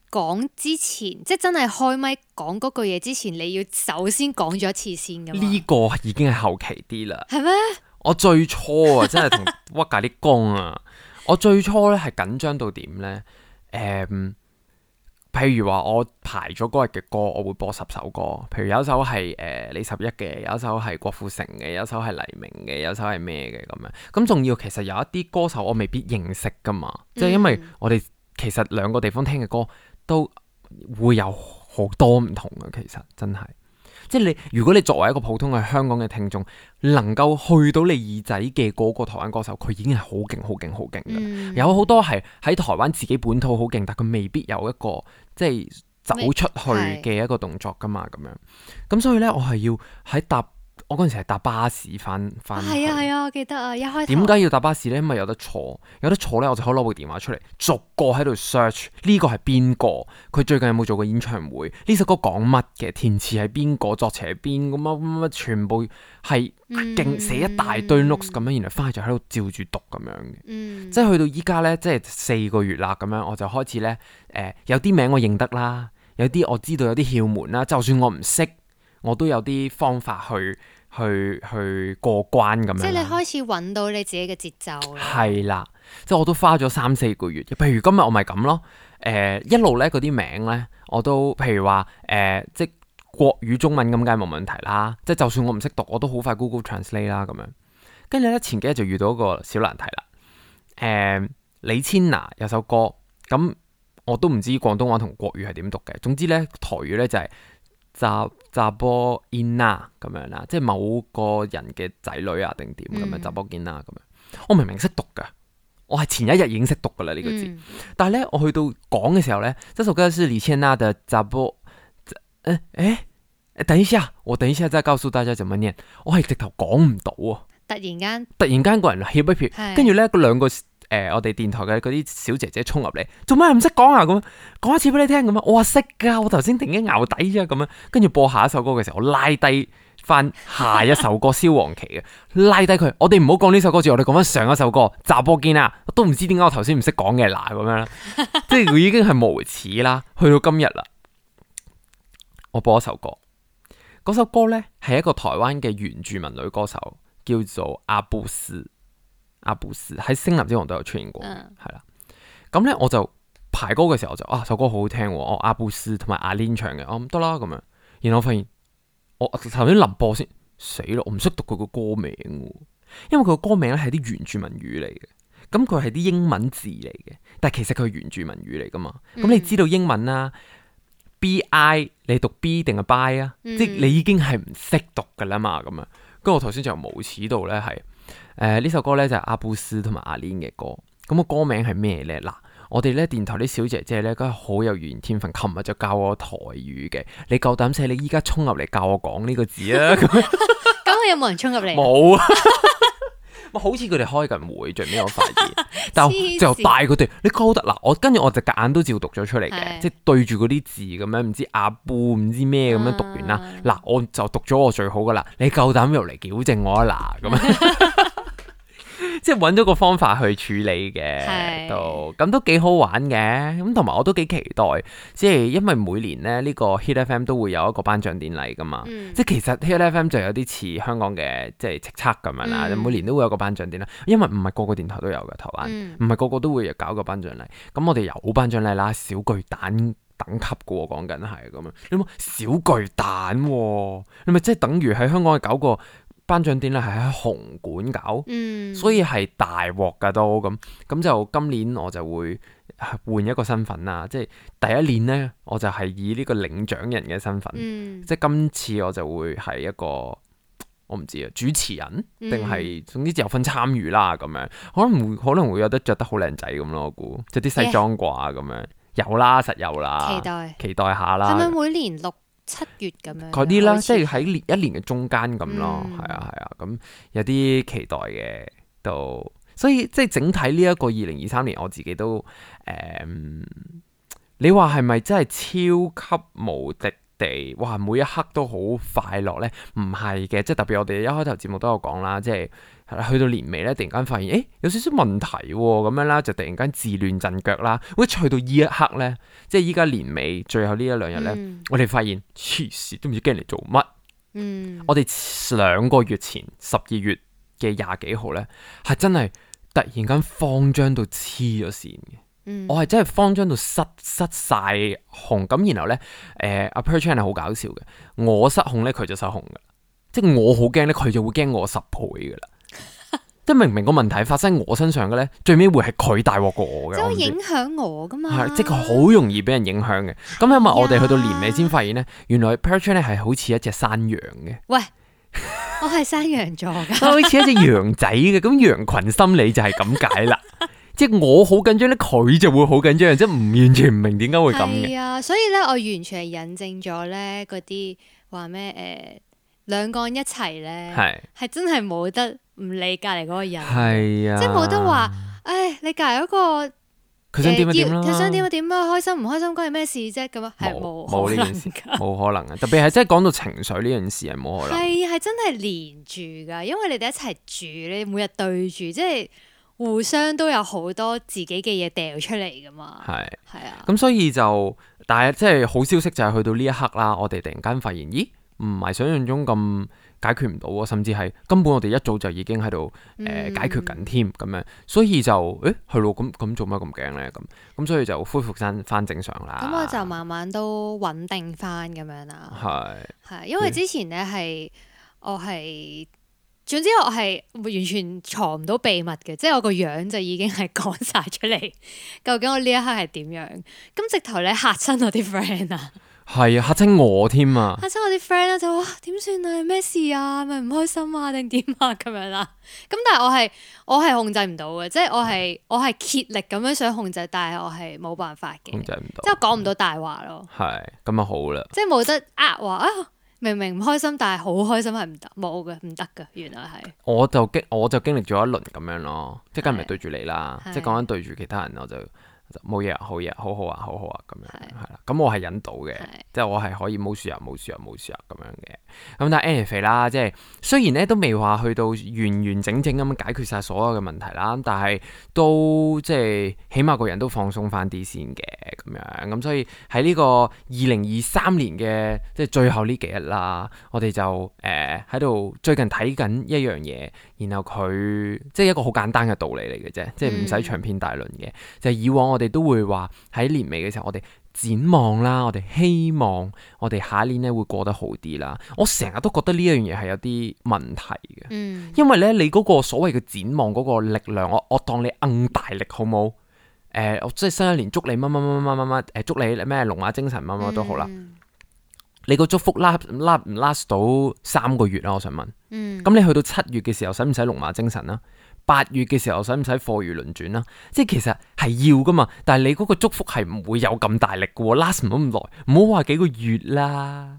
講之前，即係真係開咪講嗰句嘢之前，你要首先講咗一次先咁。呢個已經係後期啲啦嗎。係咩？我最初啊，真係同屈架啲工啊， 我最初咧係緊張到點咧？誒、um,。譬如話，我排咗嗰日嘅歌，我會播十首歌。譬如有一首係誒李十一嘅，有一首係郭富城嘅，有一首係黎明嘅，有一首係咩嘅咁樣。咁仲要其實有一啲歌手我未必認識㗎嘛，即係、嗯、因為我哋其實兩個地方聽嘅歌都會有好多唔同嘅，其實真係。即係你，如果你作為一個普通嘅香港嘅聽眾，能夠去到你耳仔嘅嗰個台灣歌手，佢已經係好勁、好勁、好勁嘅。有好多係喺台灣自己本土好勁，但佢未必有一個即係走出去嘅一個動作噶嘛。咁樣，咁所以呢，我係要喺搭。我嗰陣時係搭巴士翻翻去。係啊係啊，啊，我記得啊，一開始點解要搭巴士咧？因為有得坐，有得坐咧，我就可以攞部電話出嚟，逐個喺度 search 呢個係邊個？佢最近有冇做過演唱會？呢首歌講乜嘅？填詞係邊個？作詞係邊咁啊？乜乜？全部係勁寫一大堆 notes 咁樣，然後翻去就喺度照住讀咁樣嘅、嗯。即係去到依家咧，即係四個月啦咁樣，我就開始咧誒、呃、有啲名我認得啦，有啲我知道有啲竅門啦。就算我唔識，我都有啲方法去。去去過關咁樣，即係你開始揾到你自己嘅節奏。係啦，即係我都花咗三四個月。譬如今日我咪咁咯，誒、呃、一路咧嗰啲名咧，我都譬如話誒、呃，即係國語中文咁梗係冇問題啦。即係就算我唔識讀，我都好快 Google Translate 啦咁樣。跟住咧前幾日就遇到一個小難題啦。誒、呃、李千娜有首歌，咁我都唔知廣東話同國語係點讀嘅。總之咧台語咧就係、是。扎扎波 Inna 咁樣啦，即係某個人嘅仔女啊，定點咁樣扎波 Inna 咁、嗯、樣。我明明識讀噶，我係前一日已經識讀噶啦呢個字，嗯、但係咧我去到講嘅時候咧，這首歌係李千娜嘅扎波。誒誒、欸欸，等一下，我等一下再告訴大家就乜嘢？我係直頭講唔到啊！突然間，突然間個人跳一跳，跟住咧嗰兩個。誒、呃，我哋電台嘅嗰啲小姐姐衝入嚟，做咩唔識講啊？咁講一次俾你聽咁啊！我話識噶，我頭先突然間淆底啫，咁樣跟住播下一首歌嘅時候，我拉低翻下一首歌蕭煌奇嘅，拉低佢。我哋唔好講呢首歌，住我哋講翻上一首歌《雜波見》啊！我都唔知點解我頭先唔識講嘅嗱咁樣啦，咁樣即係佢已經係無恥啦。去到今日啦，我播一首歌，嗰首歌呢，係一個台灣嘅原住民女歌手，叫做阿布斯。阿布斯喺《星林之王》都有出現過，係啦、嗯。咁咧我就排歌嘅時候，就啊首歌好好聽，我、啊、阿布斯同埋阿 Lin 唱嘅，哦得啦咁樣。然後我發現我頭先林播先死咯，我唔識讀佢個歌名，因為佢個歌名咧係啲原住民語嚟嘅，咁佢係啲英文字嚟嘅，但係其實佢係原住民語嚟噶嘛。咁、嗯、你知道英文啦、啊、，bi 你讀 b 定係 by 啊？嗯、即係你已經係唔識讀噶啦嘛？咁樣，跟住我頭先就無恥到咧係。誒，呢、呃、首歌咧就係、是、阿布斯同埋阿蓮嘅歌，咁、嗯、個歌名係咩咧？嗱，我哋咧電台啲小姐姐咧，都係好有語言天分。琴日就教我台語嘅，你夠膽死，你依家衝入嚟教我講呢個字啊！咁，咁 有冇人衝入嚟？冇啊沒！ 好似佢哋開緊會，最尾我發現，但 經病 就就帶佢哋，你夠得嗱，我跟住我就夾硬都照讀咗出嚟嘅，的即係對住嗰啲字咁樣，唔知阿布唔知咩咁樣讀完啦。嗱、嗯，我就讀咗我最好噶啦，你夠膽入嚟矯正我一嗱咁啊！ 即係揾咗個方法去處理嘅，是都咁都幾好玩嘅。咁同埋我都幾期待，即係因為每年咧呢、這個 Hit FM 都會有一個頒獎典禮噶嘛。嗯、即係其實 Hit FM 就有啲似香港嘅即係叱咤咁樣啦。嗯、每年都會有一個頒獎典禮，因為唔係個個電台都有噶，台灣，唔係個個都會搞個頒獎禮。咁我哋有頒獎禮啦，小巨蛋等級噶喎，講緊係咁樣，小巨蛋、啊，你咪即係等於喺香港搞個。頒獎典禮係喺紅館搞，嗯、所以係大鑊噶都。咁咁就今年我就會換一個身份啦，即係第一年咧，我就係以呢個領獎人嘅身份，嗯、即係今次我就會係一個我唔知啊，主持人定係總之有份參與啦咁樣、嗯，可能會可能會有得着得好靚仔咁咯，我估即啲西裝啩咁樣有啦，實有啦，期待期待下啦，係咪每年六？七月咁樣，嗰啲啦，即係喺年一年嘅中間咁咯，係啊係啊，咁、啊、有啲期待嘅，都所以即係整體呢一個二零二三年，我自己都誒、嗯，你話係咪真係超級無敵地哇，每一刻都好快樂呢？唔係嘅，即係特別我哋一開頭節目都有講啦，即係。係啦，去到年尾咧，突然間發現誒、欸、有少少問題咁、啊、樣啦，就突然間自亂陣腳啦。會去到呢一刻咧，即係依家年尾最後一兩呢一兩日咧，嗯、我哋發現黐線都唔知驚嚟做乜。嗯，我哋兩個月前十二月嘅廿幾號咧，係真係突然間慌張到黐咗線嘅。嗯、我係真係慌張到失失晒控咁，然後咧誒 a、呃、Perchan 係好搞笑嘅，我失控咧佢就失控噶，即係我好驚咧佢就會驚我十倍噶啦。即係明明個問題發生喺我身上嘅咧，最尾會係佢大鑊過我嘅，就影響我噶嘛？即係佢好容易俾人影響嘅。咁的因為我哋去到年尾先發現咧，原來 Perch 咧係好似一隻山羊嘅。喂，我係山羊座噶，我 好似一隻羊仔嘅。咁 羊群心理就係咁解啦。即係我好緊張咧，佢就會好緊張，即係唔完全唔明點解會咁嘅。啊，所以咧我完全係引證咗咧嗰啲話咩誒，兩個人一齊咧係係真係冇得。唔理隔籬嗰個人，啊、即係冇得話，誒，你隔籬嗰、嗰個佢想點就佢想點就點啦，開心唔開心關你咩事啫，咁啊沒，係冇冇呢件事，冇 可能嘅，特別係即係講到情緒呢件事係冇可能，係係真係連住噶，因為你哋一齊住你每日對住，即係互相都有好多自己嘅嘢掉出嚟噶嘛，係係是啊，咁所以就，但係即係好消息就係去到呢一刻啦，我哋突然間發現，咦，唔係想象中咁。解決唔到啊，甚至係根本我哋一早就已經喺度誒解決緊添咁樣，所以就誒係咯，咁咁做乜咁驚咧咁咁，所以就恢復翻翻正常啦。咁我就慢慢都穩定翻咁樣啦。係係是，因為之前咧係我係、嗯、總之我係完全藏唔到秘密嘅，即、就、係、是、我個樣就已經係講晒出嚟，究竟我呢一刻係點樣？咁直頭咧嚇親我啲 friend 啊！係啊，嚇親我添啊！嚇親我啲 friend 啦，就哇，點算啊？咩事啊？咪唔開心啊？定點啊？咁樣啦。咁但係我係我係控制唔到嘅，即係我係我係竭力咁樣想控制，但係我係冇辦法嘅。控制唔到。即係講唔到大話咯。係，咁啊好啦。即係冇得呃話啊！明明唔開心，但係好開心係唔得，冇嘅，唔得㗎，原來係。我就經我就經歷咗一輪咁樣咯，即係今日咪對住你啦，即係講緊對住其他人我就。冇嘢、啊、好嘢、啊，好好啊，好好啊，咁樣係啦。咁的我係忍到嘅，的即係我係可以冇事啊，冇事啊，冇事啊咁樣嘅。咁、嗯、但係 Andy 肥啦，即係雖然咧都未話去到完完整整咁解決晒所有嘅問題啦，但係都即係起碼個人都放鬆翻啲先嘅咁樣。咁、嗯、所以喺呢個二零二三年嘅即係最後呢幾日啦，我哋就誒喺度最近睇緊一樣嘢。然後佢即係一個好簡單嘅道理嚟嘅啫，即係唔使長篇大論嘅。嗯、就以往我哋都會話喺年尾嘅時候，我哋展望啦，我哋希望我哋下一年咧會過得好啲啦。我成日都覺得呢一樣嘢係有啲問題嘅，嗯、因為咧你嗰個所謂嘅展望嗰個力量，我我當你硬大力好冇？誒、呃，我即係新一年祝你乜乜乜乜乜乜，誒，祝你咩龍馬精神乜乜都好啦。嗯嗯你個祝福 last 唔 last 到三個月啦？我想問，咁、嗯、你去到七月嘅時候，使唔使龍馬精神啦？八月嘅時候，使唔使貨如輪轉啦？即係其實係要噶嘛，但係你嗰個祝福係唔會有咁大力嘅，last 唔到咁耐，唔好話幾個月啦。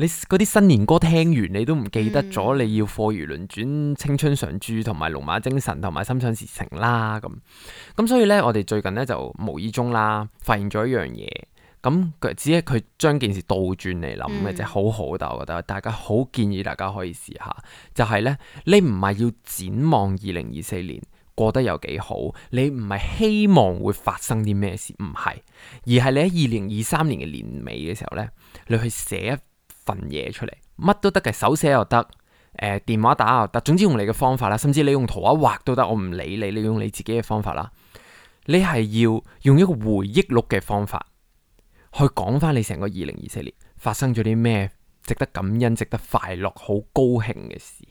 你嗰啲新年歌聽完，你都唔記得咗，你要貨如輪轉、青春常駐同埋龍馬精神同埋心想事成啦。咁咁所以咧，我哋最近咧就無意中啦，發現咗一樣嘢。咁佢、嗯、只係佢將件事倒轉嚟諗嘅啫，嗯、好好。但我覺得大家好建議，大家可以試下就係、是、呢：你唔係要展望二零二四年過得有幾好，你唔係希望會發生啲咩事，唔係而係你喺二零二三年嘅年尾嘅時候呢，你去寫一份嘢出嚟，乜都得嘅，手寫又得，誒、呃、電話打又得，總之用你嘅方法啦。甚至你用圖畫畫都得，我唔理你，你用你自己嘅方法啦。你係要用一個回憶錄嘅方法。去講翻你成個二零二四年發生咗啲咩值得感恩、值得快樂、好高興嘅事，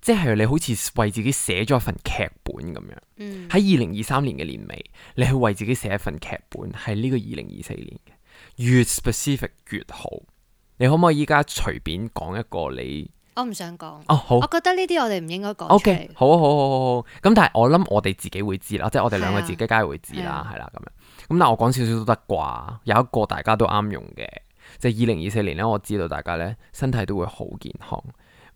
即係你好似為自己寫咗份劇本咁樣。嗯，喺二零二三年嘅年尾，你去為自己寫一份劇本，係呢個二零二四年嘅，越 specific 越好。你可唔可以依家隨便講一個你？我唔想講。哦，好。我覺得呢啲我哋唔應該講。O K，好好好好好。咁但係我諗我哋自己會知啦，即係我哋兩個自己梗係會知啦，係啦咁樣。咁但我講少少都得啩，有一個大家都啱用嘅，就係二零二四年咧，我知道大家咧身體都會好健康，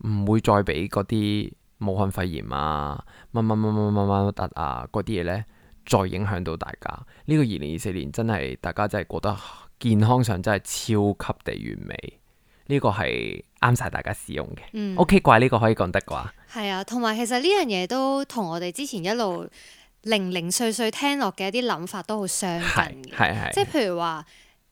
唔會再俾嗰啲武漢肺炎啊、乜乜乜乜乜乜乜特啊啲嘢咧再影響到大家。呢、這個二零二四年真係大家真係覺得、啊、健康上真係超級地完美，呢、這個係啱晒大家使用嘅。嗯，OK，怪呢個可以講得啩。係啊，同埋其實呢樣嘢都同我哋之前一路。零零碎碎聽落嘅一啲諗法都好相近嘅，係，係，即係譬如話，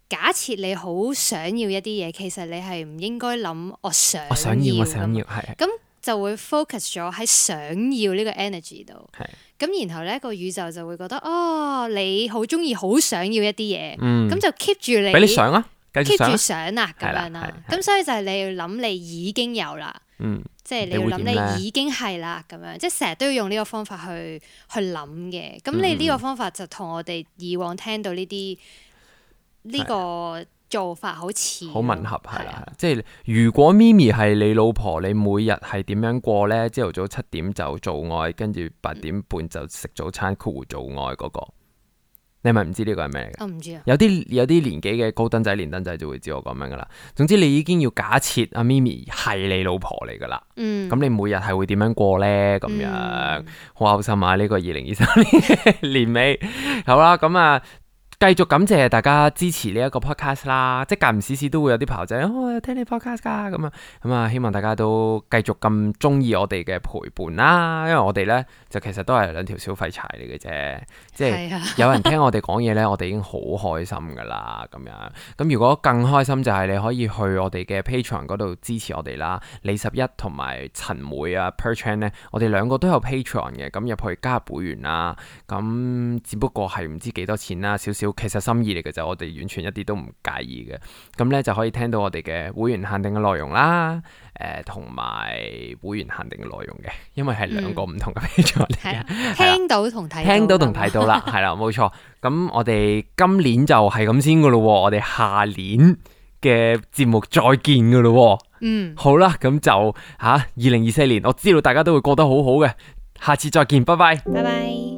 假設你好想要一啲嘢，其實你係唔應該諗我，我想要，我想要，係，咁就會 focus 咗喺想要呢個 energy 度，咁係，然後呢個宇宙就會覺得哦，你好中意，好想要一啲嘢，咁、嗯、就 keep 住你，俾你想啊，keep 住想啊，咁樣啦，咁所以就係你要諗你已經有啦，嗯，即係你要諗你已經係啦，咁樣，樣，即係成日都要用呢個方法去去諗嘅。咁、嗯、你呢個方法就同我哋以往聽到呢啲呢個做法好似，好吻合係啦。即係如果咪咪 m 係你老婆，你每日係點樣過呢？朝頭早七點就做愛，跟住八點半就食早餐，括弧做愛嗰、那個。你咪唔知呢個係咩嚟嘅？我唔知啊。有啲有啲年紀嘅高登仔、年登仔就會知我講咩噶啦。總之你已經要假設阿咪咪係你老婆嚟噶啦。嗯。咁你每日係會點樣過呢？咁樣好嘔、嗯、心啊！呢、呢個二零二三年 年尾， 好啦，咁啊。繼續感謝大家支持呢一個 podcast 啦，即係隔唔時時都會有啲朋友仔，哦，聽你 podcast 噶咁啊，咁啊，希望大家都繼續咁中意我哋嘅陪伴啦，因為我哋呢就其實都係兩條小廢柴嚟嘅啫，即係有人聽我哋講嘢呢， 我哋已經好開心噶啦，咁樣，咁如果更開心就係你可以去我哋嘅 Patreon 度支持我哋啦，李十一同埋陳妹啊，Perchan 呢，我哋兩個都有 Patreon 嘅，咁入去加入會員啦，咁只不過係唔知幾多錢啦，少少。其實心意嚟嘅就我哋完全一啲都唔介意嘅，咁呢就可以聽到我哋嘅會員限定嘅內容啦，誒、呃，同埋會員限定嘅內容嘅，因為係兩個唔同嘅題材嚟嘅，嗯、 聽到同睇聽到同睇到啦，係啦， 冇錯，咁我哋今年就係咁先噶咯， 我哋下年嘅節目再見噶咯，嗯，好啦，咁就，吓，二零二四年，我知道大家都會過得好好嘅，下次再見，拜拜，拜拜。